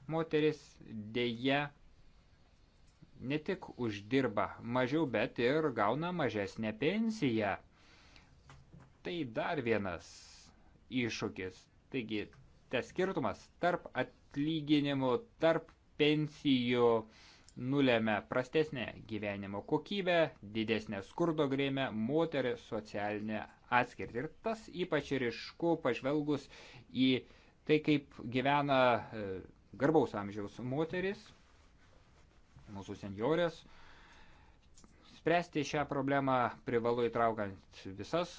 Moteris dėje ne tik uždirba mažiau, bet ir gauna mažesnę pensiją. Tai dar vienas iššūkis. Taigi, tas skirtumas tarp atlyginimų, tarp pensijų nulėmė prastesnę gyvenimo kokybę, didesnę skurdo grėmę, moterį socialinę atskirtį. Ir tas ypač ryšku pažvelgus į tai, kaip gyvena e, garbaus amžiaus moteris, mūsų senjorės. Spręsti šią problemą privalu įtraukant visas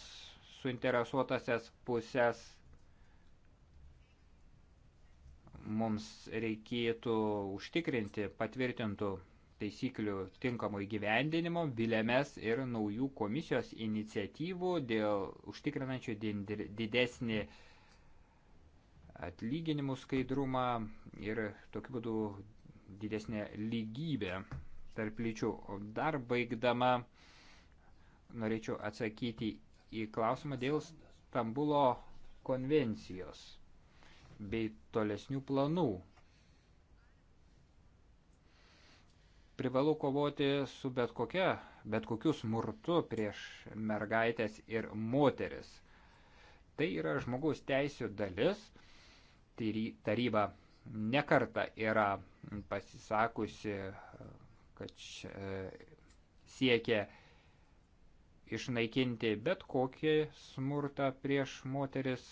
suinteresuotasias pusės. Mums reikėtų užtikrinti patvirtintų taisyklių tinkamo įgyvendinimo, vilėmės ir naujų komisijos iniciatyvų dėl užtikrinančių didesnį didesnį atlyginimų skaidrumą ir tokiu būdu didesnė lygybė tarp lyčių. O dar baigdama norėčiau atsakyti į klausimą dėl Stambulo konvencijos bei tolesnių planų. Privalu kovoti su bet kokia, bet kokiu smurtu prieš mergaitės ir moteris. Tai yra žmogaus teisų dalis – taryba nekarta yra pasisakusi, kad e, siekia išnaikinti bet kokį smurtą prieš moteris.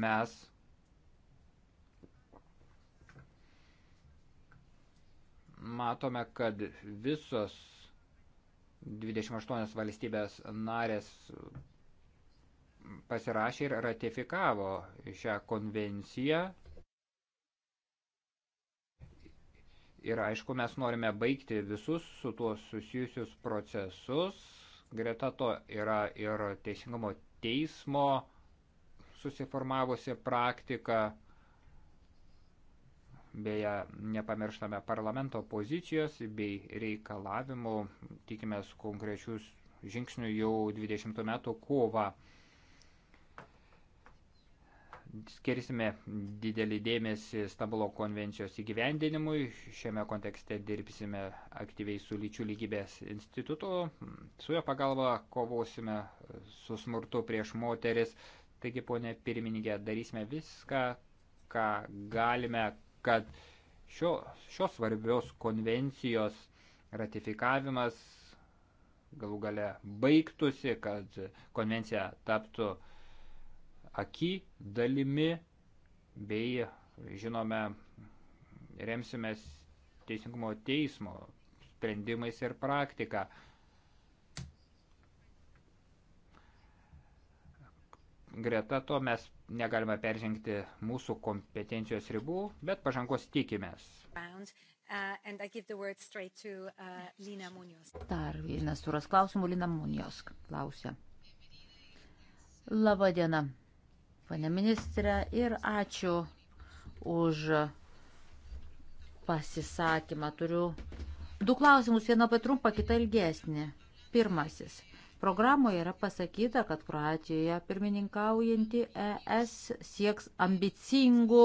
Mes matome, kad visos 28 valstybės narės pasirašė ir ratifikavo šią konvenciją. Ir aišku, mes norime baigti visus su tuo susijusius procesus. Greta to yra ir teisingumo teismo susiformavusi praktika. Beje, nepamirštame parlamento pozicijos bei reikalavimų, tikimės konkrečius žingsnių jau 20 metų kovą skirsime didelį dėmesį Stambulo konvencijos įgyvendinimui. Šiame kontekste dirbsime aktyviai su lyčių lygybės institutu. Su jo pagalba kovosime su smurtu prieš moteris. Taigi, ponė pirmininkė, darysime viską, ką galime, kad šio, šios svarbios konvencijos ratifikavimas galų gale baigtųsi, kad konvencija taptų uh, aky dalimi bei žinome remsimės teisingumo teismo sprendimais ir praktika. Greta to mes negalime peržengti mūsų kompetencijos ribų, bet pažangos tikimės. Uh, uh, Dar vienas turas klausimų, Lina Munijos klausė. Labadiena pane ministrė, ir ačiū už pasisakymą. Turiu du klausimus, vieną patrumpą, kitą ilgesnį. Pirmasis. Programoje yra pasakyta, kad Kroatijoje pirmininkaujanti ES sieks ambicingų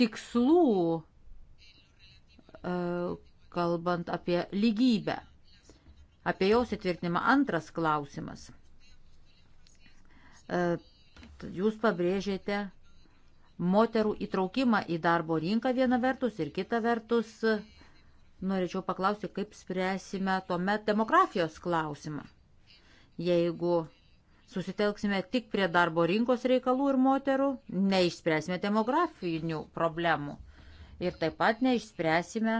tikslų, e, kalbant apie lygybę. Apie jos įtvirtinimą antras klausimas e, jūs pabrėžėte moterų įtraukimą į darbo rinką vieną vertus ir kitą vertus norėčiau paklausti, kaip spręsime tuomet demografijos klausimą. Jeigu susitelksime tik prie darbo rinkos reikalų ir moterų, neišspręsime demografinių problemų ir taip pat neišspręsime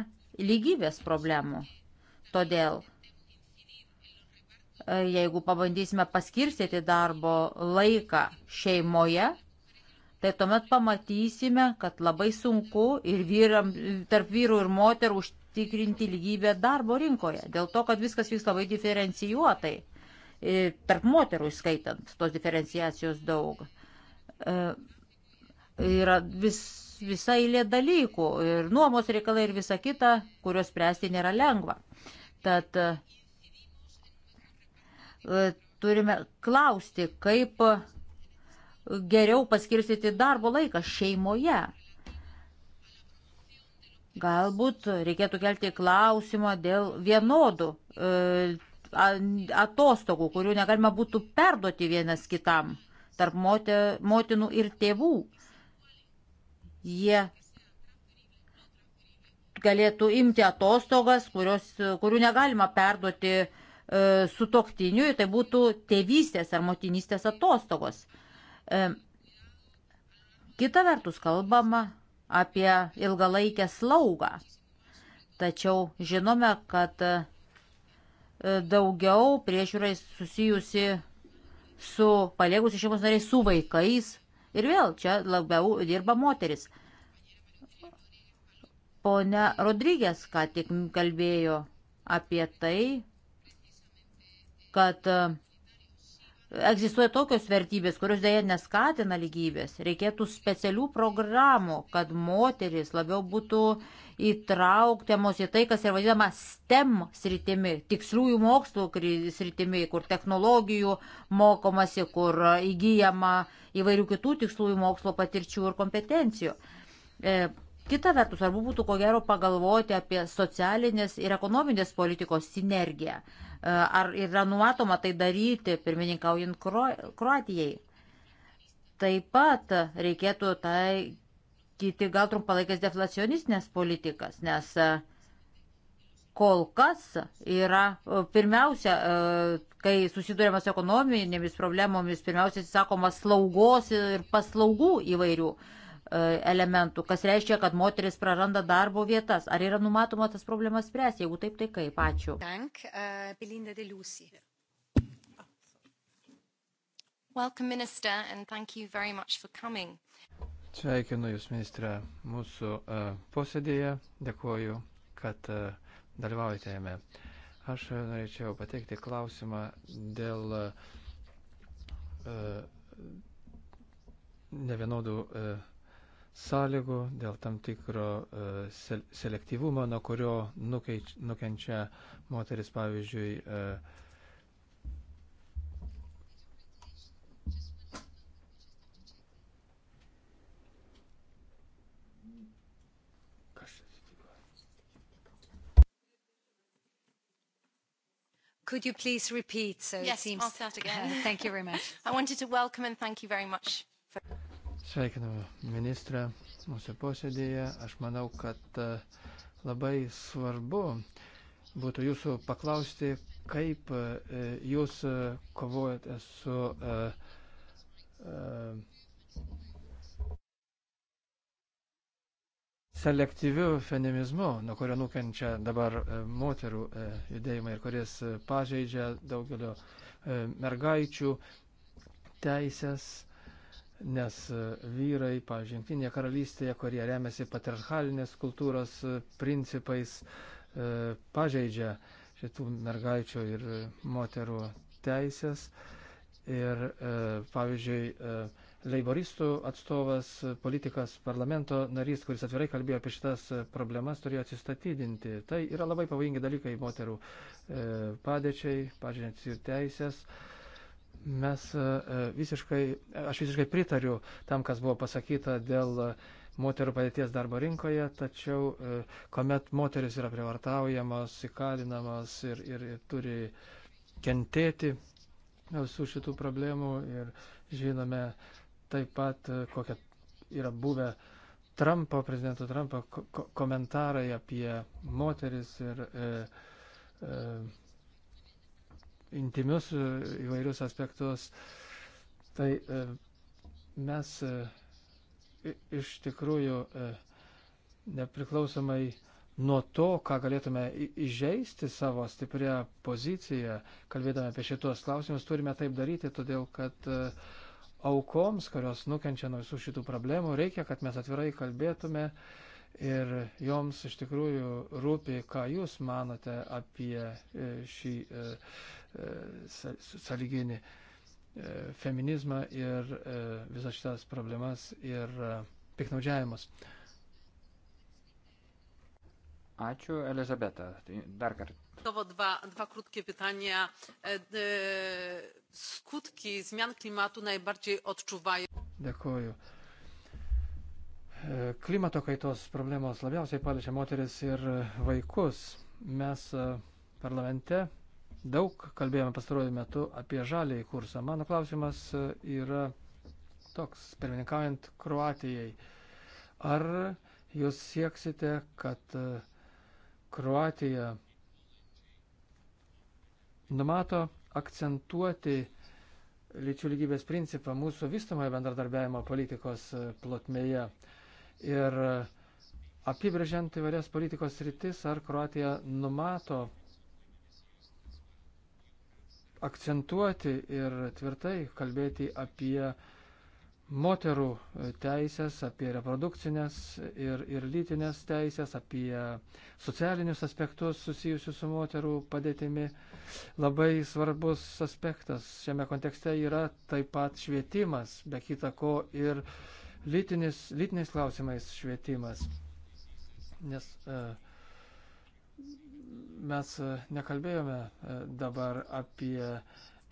lygybės problemų. Todėl jeigu pabandysime paskirstyti darbo laiką šeimoje, tai tuomet pamatysime, kad labai sunku ir vyram, tarp vyrų ir moterų užtikrinti lygybę darbo rinkoje, dėl to, kad viskas vyks labai diferencijuotai, e, tarp moterų skaitant, tos diferenciacijos daug. E, yra vis, visa eilė dalykų ir nuomos reikalai ir visa kita, kurios spręsti nėra lengva. Tad E, turime klausti, kaip geriau paskirstyti darbo laiką šeimoje. Galbūt reikėtų kelti klausimą dėl vienodų e, atostogų, kurių negalima būtų perduoti vienas kitam tarp motinų ir tėvų. Jie galėtų imti atostogas, kurios, kurių negalima perduoti uh, E, sutoktiniui, tai būtų tėvystės ar motinystės atostogos. E, kita vertus kalbama apie ilgalaikę slaugą. Tačiau žinome, kad e, daugiau priežiūrai susijusi su paliegusi šeimos nariais, su vaikais. Ir vėl čia labiau dirba moteris. Pone Rodrygės ką tik kalbėjo apie tai, kad e, egzistuoja tokios vertybės, kurios dėja neskatina lygybės. Reikėtų specialių programų, kad moteris labiau būtų įtrauktiamos į tai, kas yra vadinama STEM sritimi, tiksliųjų mokslų sritimi, kur technologijų mokomasi, kur įgyjama įvairių kitų tiksliųjų mokslo patirčių ir kompetencijų. E, kita vertus, svarbu būtų ko gero pagalvoti apie socialinės ir ekonominės politikos sinergiją. E, ar yra numatoma tai daryti, pirmininkaujant Kroatijai? Taip pat reikėtų taikyti gal trumpalaikės deflacionistinės politikas, nes e, kol kas yra e, pirmiausia, kai susidurėme su ekonominėmis problemomis, pirmiausia atsisakoma slaugos ir paslaugų įvairių. E, elementų, kas reiškia, kad moteris praranda darbo vietas. Ar yra numatoma tas problemas spręsti? Jeigu taip, tai kaip? Ačiū. Dank, uh, Belinda de Lucy. Welcome, Minister, and thank you very much for coming. Sveikinu Jūs, ministrė, mūsų uh, posėdėje. Dėkuoju, kad uh, dalyvaujate jame. Aš uh, norėčiau pateikti klausimą dėl uh, nevienodų uh, sąlygų, dėl tam tikro e, selektyvumo, nuo kurio nukeič, nukenčia moteris, pavyzdžiui, e, Could you please repeat? So yes, it seems, I'll start again. Uh, thank you very much. I wanted to welcome and thank you very much. For Sveikiname ministrą mūsų posėdėje. Aš manau, kad e, labai svarbu būtų jūsų paklausti, kaip e, jūs e, kovojate su selektyviu feminizmu, nuo kurio nukenčia dabar moterų judėjimai ir kuris pažeidžia daugelio mergaičių teisės nes e, vyrai, pavyzdžiui, Junktinėje karalystėje, kurie remiasi patriarchalinės kultūros e, principais, e, pažeidžia šitų mergaičių ir moterų teisės. Ir, pavyzdžiui, leiboristų atstovas, politikas, parlamento narys, kuris atvirai kalbėjo apie šitas problemas, turėjo atsistatydinti. Tai yra labai pavojingi dalykai moterų padėčiai, pažinėtis jų teisės. E, Mes e, e, visiškai, aš visiškai pritariu tam, kas buvo pasakyta dėl moterų padėties darbo rinkoje, tačiau e, kuomet moteris yra privartaujamos, įkalinamos ir, ir, ir turi kentėti visų šitų problemų ir žinome taip pat, kokie yra buvę Trumpo, prezidento Trumpo komentarai apie moteris ir e, e, intimius e, įvairius aspektus. Tai e, mes e, iš tikrųjų nepriklausomai nuo to, ką galėtume įžeisti savo stiprią poziciją, kalbėdami apie šitos klausimus, turime taip daryti, todėl kad aukoms, kurios nukenčia nuo visų šitų problemų, reikia, kad mes atvirai kalbėtume ir joms iš tikrųjų rūpi, ką jūs manote apie šį E, sąlyginį e, feminizmą ir e, visas šitas problemas ir piknaudžiavimus. Ačiū, Elizabeta. Tai dar kartą. Dwa, dwa krótkie pytania. Skutki zmian klimatu najbardziej odczuwają. Dėkuoju. Klimato kaitos problemos labiausiai paliečia moteris ir vaikus. Mes parlamente Daug kalbėjome pastaruoju metu apie žalį kursą. Mano klausimas yra toks, pirmininkaujant Kroatijai. Ar jūs sieksite, kad e, Kroatija numato akcentuoti lyčių lygybės principą mūsų vystamojo bendradarbiavimo politikos e, plotmėje ir e, apibrėžiant įvairias politikos rytis, ar Kroatija numato akcentuoti ir tvirtai kalbėti apie moterų teisės, apie reprodukcinės ir, ir lytinės teisės, apie socialinius aspektus susijusius su moterų padėtimi. Labai svarbus aspektas šiame kontekste yra taip pat švietimas, be kita ko ir lytinis, lytiniais klausimais švietimas. Nes uh, Mes e, nekalbėjome e, dabar apie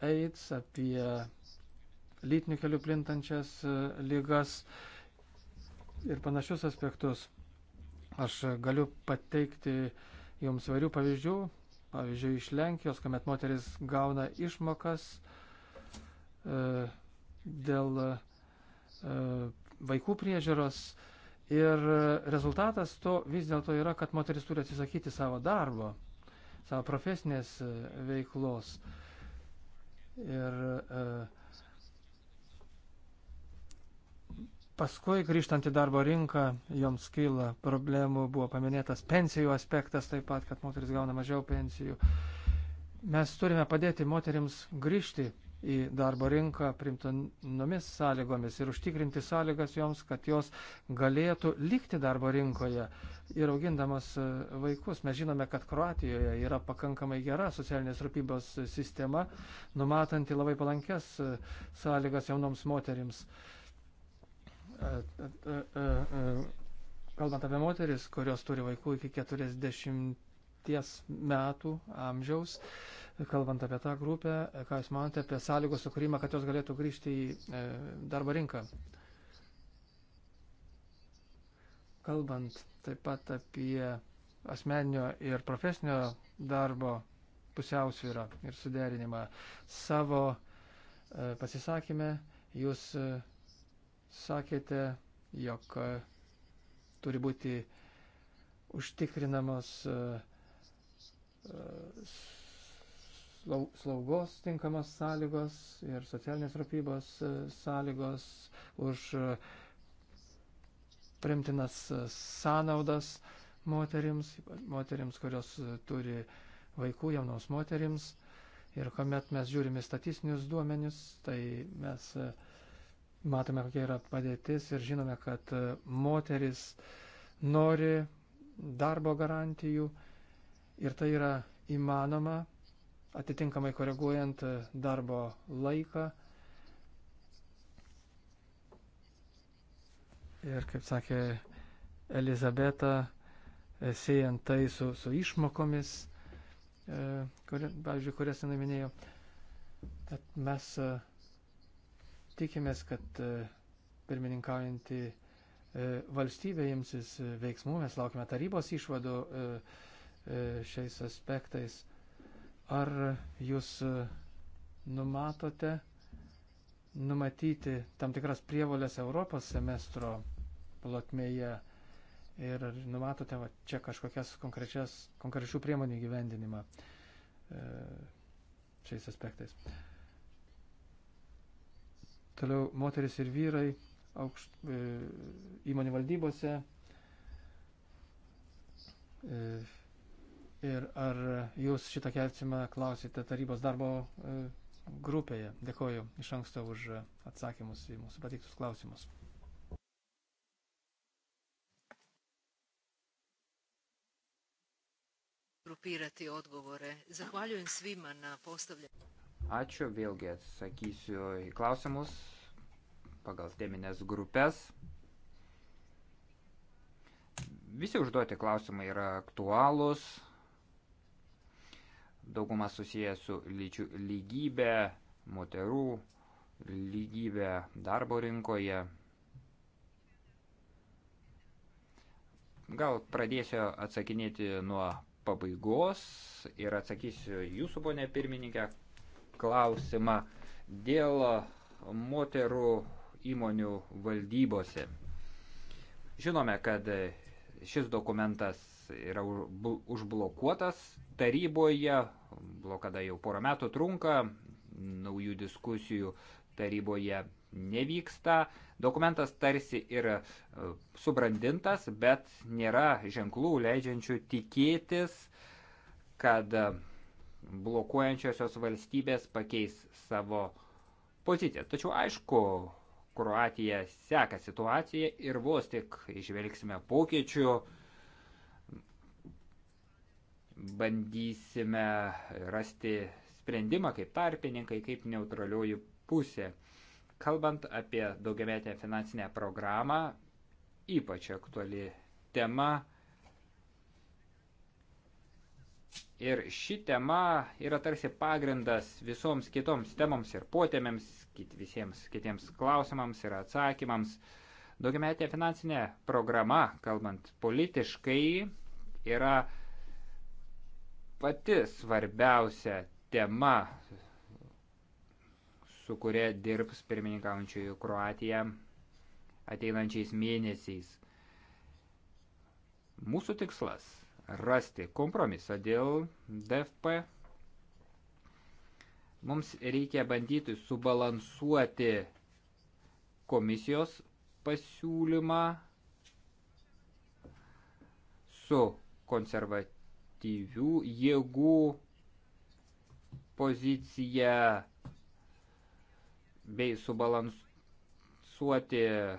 AIDS, apie lytinių kelių plintančias e, lygas ir panašius aspektus. Aš galiu pateikti jums varių pavyzdžių. Pavyzdžiui, iš Lenkijos, kuomet moteris gauna išmokas e, dėl e, vaikų priežiūros ir rezultatas to vis dėlto yra, kad moteris turi atsisakyti savo darbo savo profesinės e, veiklos. Ir e, paskui grįžtant į darbo rinką, joms kyla problemų, buvo paminėtas pensijų aspektas taip pat, kad moteris gauna mažiau pensijų. Mes turime padėti moteriams grįžti į darbo rinką primtinomis sąlygomis ir užtikrinti sąlygas joms, kad jos galėtų likti darbo rinkoje ir augindamas e, vaikus. Mes žinome, kad Kroatijoje yra pakankamai gera socialinės rūpybos sistema, numatanti labai palankes e, sąlygas jaunoms moterims. E, kalbant apie moteris, kurios turi vaikų iki 40 metų amžiaus, uh, kalbant apie tą grupę, ką Jūs manote apie sąlygos sukūrimą, kad jos galėtų grįžti į e, darbo rinką. Kalbant taip pat apie asmeninio ir profesinio darbo pusiausvyrą ir suderinimą savo e, pasisakymę, Jūs e, sakėte, jog turi būti užtikrinamos slaugos tinkamos sąlygos ir socialinės rūpybos e, sąlygos už e, primtinas e, sąnaudas moterims, moterims, kurios turi vaikų, jaunos moterims. Ir kuomet mes žiūrime statistinius duomenis, tai mes matome, kokia yra padėtis ir žinome, kad moteris nori darbo garantijų ir tai yra įmanoma atitinkamai koreguojant e, darbo laiką. Ir kaip sakė Elizabeta, e, siejant tai su, su išmokomis, e, kuri, pavyzdžiui, kurias jinai minėjo, tad mes tikimės, kad pirmininkaujantį valstybė imsis veiksmų, mes laukime tarybos išvadų šiais aspektais. Ar jūs e, numatote numatyti tam tikras prievolės Europos semestro plotmėje ir numatote va, čia kažkokias konkrečių priemonių gyvendinimą e, šiais aspektais. Toliau moteris ir vyrai aukšt, e, įmonių valdybose. E, ir ar jūs šitą kelsimą klausite tarybos darbo e, grupėje. Dėkoju iš anksto už atsakymus į mūsų pateiktus klausimus. grupirati odgovore. Zahvaljujem svima na postavljanju. Ačiū, vėlgi atsakysiu į klausimus pagal teminės grupės. Visi užduoti klausimai yra aktualūs daugumą susiję su lyčių lygybė, moterų lygybė darbo rinkoje. Gal pradėsiu atsakinėti nuo pabaigos ir atsakysiu jūsų, ponė pirmininkė, klausimą dėl moterų įmonių valdybose. Žinome, kad šis dokumentas yra užblokuotas taryboje, blokada jau porą metų trunka, naujų diskusijų taryboje nevyksta. Dokumentas tarsi ir e, subrandintas, bet nėra ženklų leidžiančių tikėtis, kad e, blokuojančiosios valstybės pakeis savo poziciją. Tačiau aišku, Kroatija seka situaciją ir vos tik išvelgsime pokyčių, bandysime rasti sprendimą kaip tarpininkai, kaip neutralioji pusė. Kalbant apie daugiametę finansinę programą, ypač aktuali tema. Ir ši tema yra tarsi pagrindas visoms kitoms temoms ir potėmėms, kit, visiems kitiems klausimams ir atsakymams. Daugiametė finansinė programa, kalbant politiškai, yra pati svarbiausia tema, su kuria dirbs pirmininkaujančiųjų Kroatija ateinančiais mėnesiais. Mūsų tikslas - rasti kompromisą dėl DFP. Mums reikia bandyti subalansuoti komisijos pasiūlymą su konservatyviu konservatyvių jėgų poziciją bei subalansuoti e,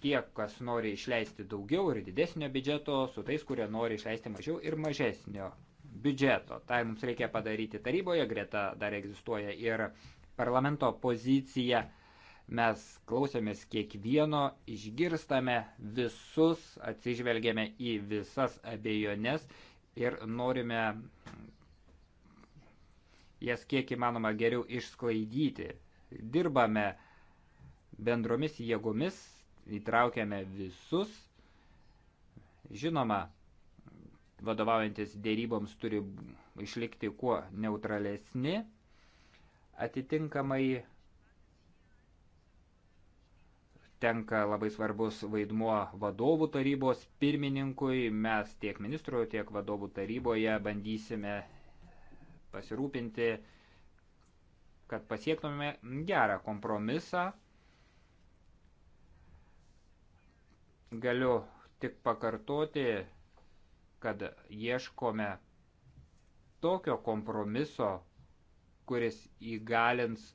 tie, kas nori išleisti daugiau ir didesnio biudžeto, su tais, kurie nori išleisti mažiau ir mažesnio biudžeto. Tai mums reikia padaryti taryboje, greta dar egzistuoja ir parlamento pozicija. Mes klausėmės kiekvieno, išgirstame visus, atsižvelgėme į visas abejonės ir norime jas kiek įmanoma geriau išsklaidyti. Dirbame bendromis jėgomis, įtraukiame visus. Žinoma, vadovaujantis dėryboms turi išlikti kuo neutralesni. Atitinkamai tenka labai svarbus vaidmuo vadovų tarybos pirmininkui. Mes tiek ministro, tiek vadovų taryboje bandysime pasirūpinti, kad pasiektume gerą kompromisą. Galiu tik pakartoti, kad ieškome tokio kompromiso, kuris įgalins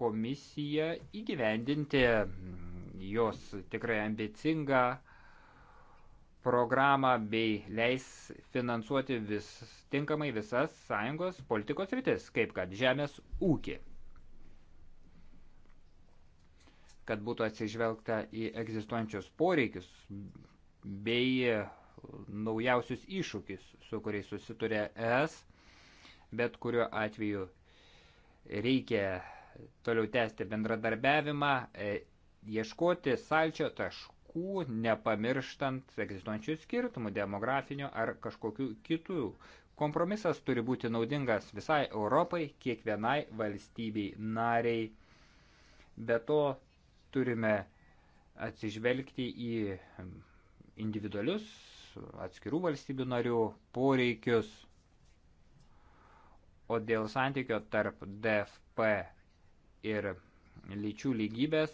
komisiją įgyvendinti mm, jos tikrai ambicingą programą bei leis finansuoti vis, tinkamai visas sąjungos politikos rytis, kaip kad žemės ūkį. Kad būtų atsižvelgta į egzistuojančius poreikius bei naujausius iššūkius, su kuriais susituria ES, bet kuriuo atveju reikia toliau tęsti bendradarbiavimą, e, ieškoti salčio taškų, nepamirštant egzistuojančių skirtumų demografinių ar kažkokių kitų. Kompromisas turi būti naudingas visai Europai, kiekvienai valstybei nariai. Be to turime atsižvelgti į individualius atskirų valstybių narių poreikius, o dėl santykio tarp DFP ir lyčių lygybės,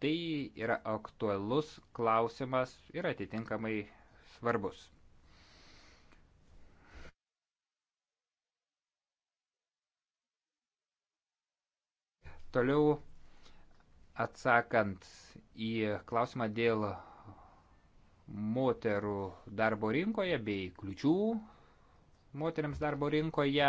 tai yra aktualus klausimas ir atitinkamai svarbus. Toliau atsakant į klausimą dėl moterų darbo rinkoje bei kliučių moteriams darbo rinkoje,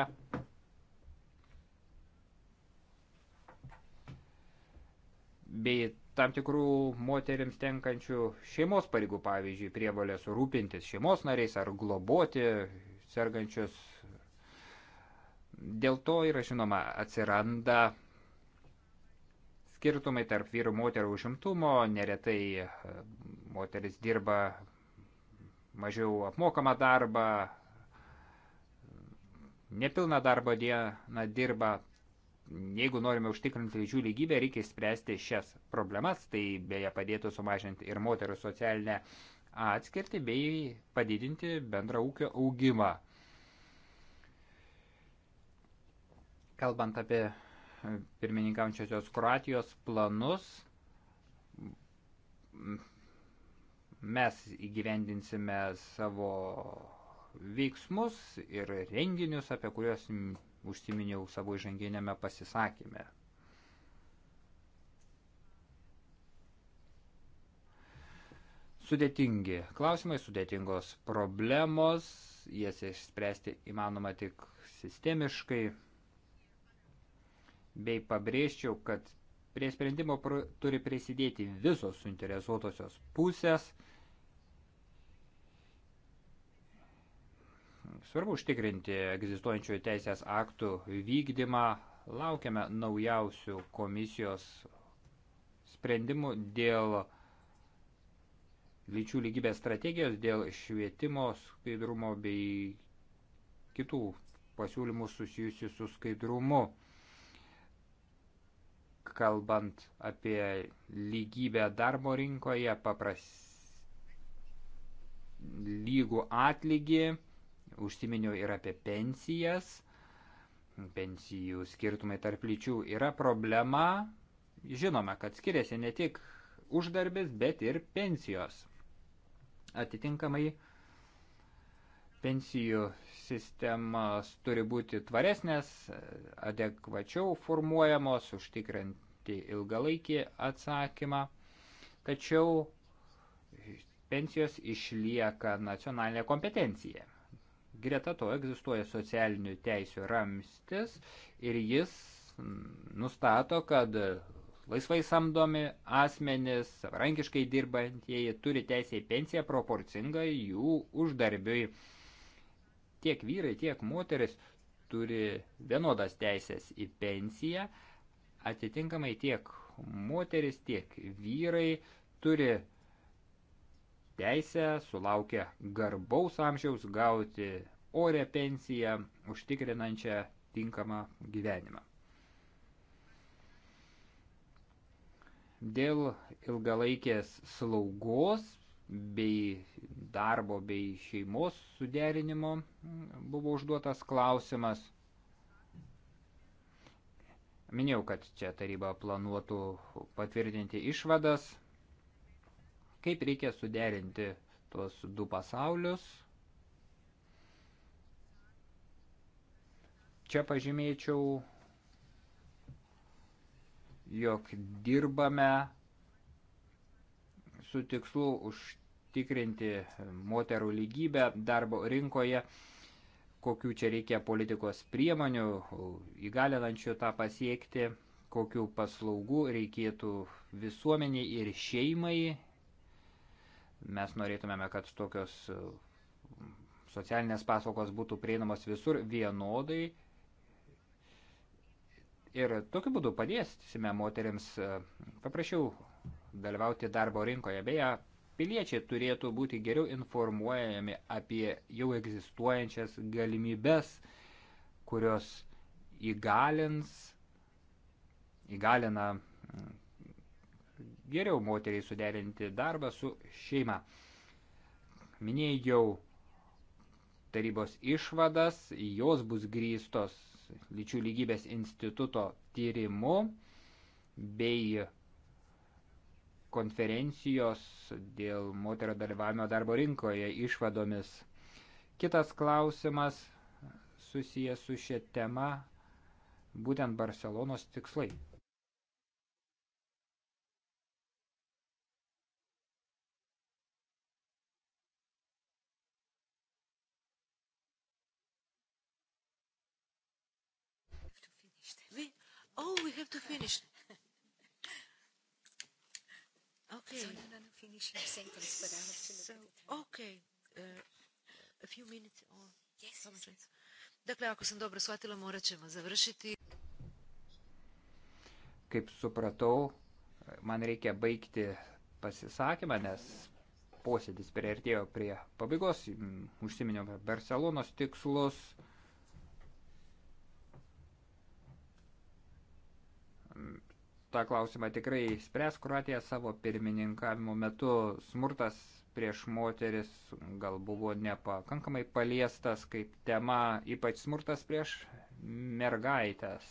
bei tam tikrų moteriams tenkančių šeimos pareigų, pavyzdžiui, prievalės rūpintis šeimos nariais ar globoti sergančius. Dėl to yra žinoma atsiranda skirtumai tarp vyrų moterų užimtumo, neretai e, moteris dirba mažiau apmokamą darbą, nepilną darbo dieną dirba, jeigu norime užtikrinti lyčių lygybę, reikia spręsti šias problemas, tai beje padėtų sumažinti ir moterų socialinę atskirti bei padidinti bendrą ūkio augimą. Kalbant apie e, pirmininkaujančiosios Kroatijos planus, mes įgyvendinsime savo veiksmus ir renginius, apie kuriuos užsiminiau savo įžanginėme pasisakymė. Sudėtingi klausimai, sudėtingos problemos, jas išspręsti įmanoma tik sistemiškai. Bei pabrėžčiau, kad prie sprendimo turi prisidėti visos suinteresuotosios pusės – Svarbu užtikrinti egzistuojančių teisės aktų vykdymą. Laukiame naujausių komisijos sprendimų dėl lyčių lygybės strategijos, dėl švietimo skaidrumo bei kitų pasiūlymų susijusių su skaidrumu. Kalbant apie lygybę darbo rinkoje, papras lygų atlygį, Užsiminiau ir apie pensijas. Pensijų skirtumai tarp lyčių yra problema. Žinome, kad skiriasi ne tik uždarbis, bet ir pensijos. Atitinkamai pensijų sistemas turi būti tvaresnės, adekvačiau formuojamos, užtikrinti ilgalaikį atsakymą. Tačiau pensijos išlieka nacionalinė kompetencija. Greta to egzistuoja socialinių teisių ramstis ir jis nustato, kad laisvai samdomi asmenys, savarankiškai dirbantieji turi teisę į pensiją proporcingai jų uždarbiui. Tiek vyrai, tiek moteris turi vienodas teisės į pensiją, atitinkamai tiek moteris, tiek vyrai turi teisę, sulaukia garbaus amžiaus gauti orę pensiją, užtikrinančią tinkamą gyvenimą. Dėl ilgalaikės slaugos bei darbo bei šeimos suderinimo buvo užduotas klausimas. Minėjau, kad čia taryba planuotų patvirtinti išvadas Kaip reikia suderinti tuos du pasaulius? Čia pažymėčiau, jog dirbame su tikslu užtikrinti moterų lygybę darbo rinkoje kokių čia reikia politikos priemonių, įgalinančių tą pasiekti, kokių paslaugų reikėtų visuomeniai ir šeimai Mes norėtumėme, kad tokios e, socialinės paslaugos būtų prieinamos visur vienodai. Ir tokiu būdu padėsime moteriams e, paprašiau dalyvauti darbo rinkoje. Beje, piliečiai turėtų būti geriau informuojami apie jau egzistuojančias galimybes, kurios įgalins, įgalina geriau moteriai suderinti darbą su šeima. Minėjau tarybos išvadas, jos bus grįstos lyčių lygybės instituto tyrimu bei konferencijos dėl moterio dalyvavimo darbo rinkoje išvadomis. Kitas klausimas susijęs su šia tema būtent Barcelonos tikslai. have to finish. Okay. So, no, no, no, finish your sentence, but I have to look so, at the time. Okay. Uh, a few minutes or yes, yes, yes. Dakle, ako sam dobro shvatila, morat ćemo završiti. Kaip supratau, man reikia baigti pasisakymą, nes posėdis prieartėjo prie pabaigos, mm, užsiminiau Barcelonos tikslus. tą klausimą tikrai spręs Kroatija savo pirmininkavimo metu. Smurtas prieš moteris gal buvo nepakankamai paliestas kaip tema, ypač smurtas prieš mergaitės.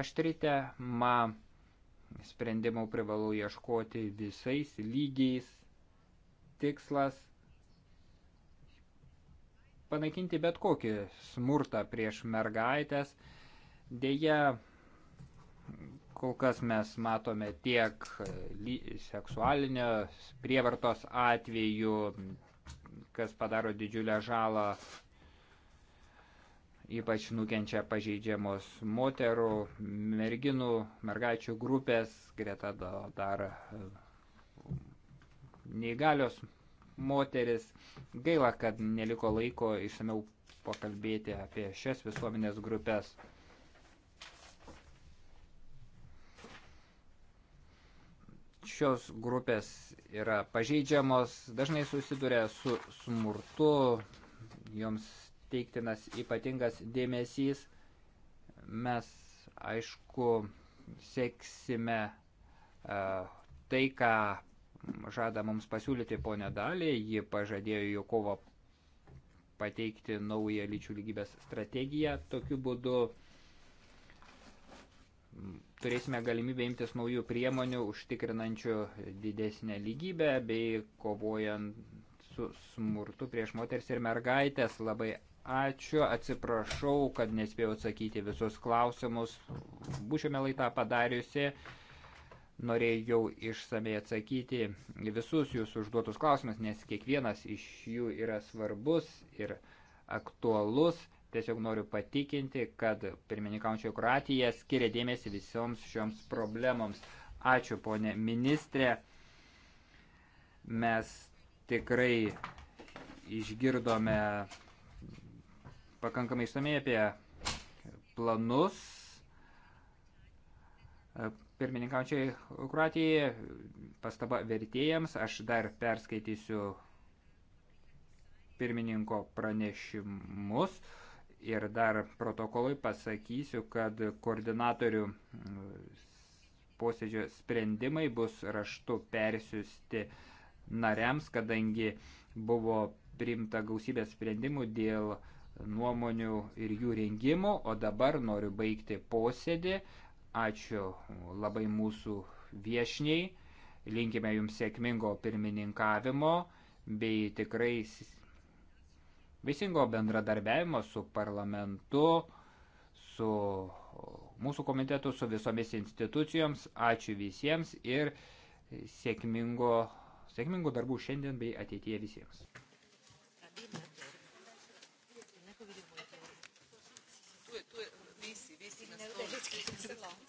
Aš ryte ma sprendimų privalau ieškoti visais lygiais. Tikslas panaikinti bet kokį smurtą prieš mergaitės. Deja, Kol kas mes matome tiek e, seksualinio prievartos atveju, kas padaro didžiulę žalą, ypač nukenčia pažeidžiamos moterų, merginų, mergaičių grupės, greta dar e, neįgalios moteris. Gaila, kad neliko laiko išsameu pakalbėti apie šias visuomenės grupės. šios grupės yra pažeidžiamos, dažnai susiduria su smurtu, joms teiktinas ypatingas dėmesys. Mes, aišku, seksime uh, tai, ką žada mums pasiūlyti ponė Dalį. Ji pažadėjo jau kovo pateikti naują lyčių lygybės strategiją. Tokiu būdu turėsime galimybę imtis naujų priemonių užtikrinančių didesnę lygybę bei kovojant su smurtu prieš moteris ir mergaitės. Labai ačiū, atsiprašau, kad nespėjau atsakyti visus klausimus. Būčiau melai tą padariusi. Norėjau išsamei atsakyti visus jūsų užduotus klausimus, nes kiekvienas iš jų yra svarbus ir aktualus. Tiesiog noriu patikinti, kad pirmininkaujančioji Kroatija skiria dėmesį visoms šioms problemoms. Ačiū, ponė ministrė. Mes tikrai išgirdome pakankamai išsamei apie planus. Pirmininkaučiai Kroatijai pastaba vertėjams. Aš dar perskaitysiu pirmininko pranešimus. Ir dar protokolui pasakysiu, kad koordinatorių mm, posėdžio sprendimai bus raštu persiusti nariams, kadangi buvo priimta gausybė sprendimų dėl nuomonių ir jų rengimo, o dabar noriu baigti posėdį. Ačiū labai mūsų viešniai, linkime jums sėkmingo pirmininkavimo bei tikrai visingo bendradarbiavimo su parlamentu, su mūsų komitetu, su visomis institucijoms. Ačiū visiems ir sėkmingo, sėkmingo darbų šiandien bei ateityje visiems. Thank you.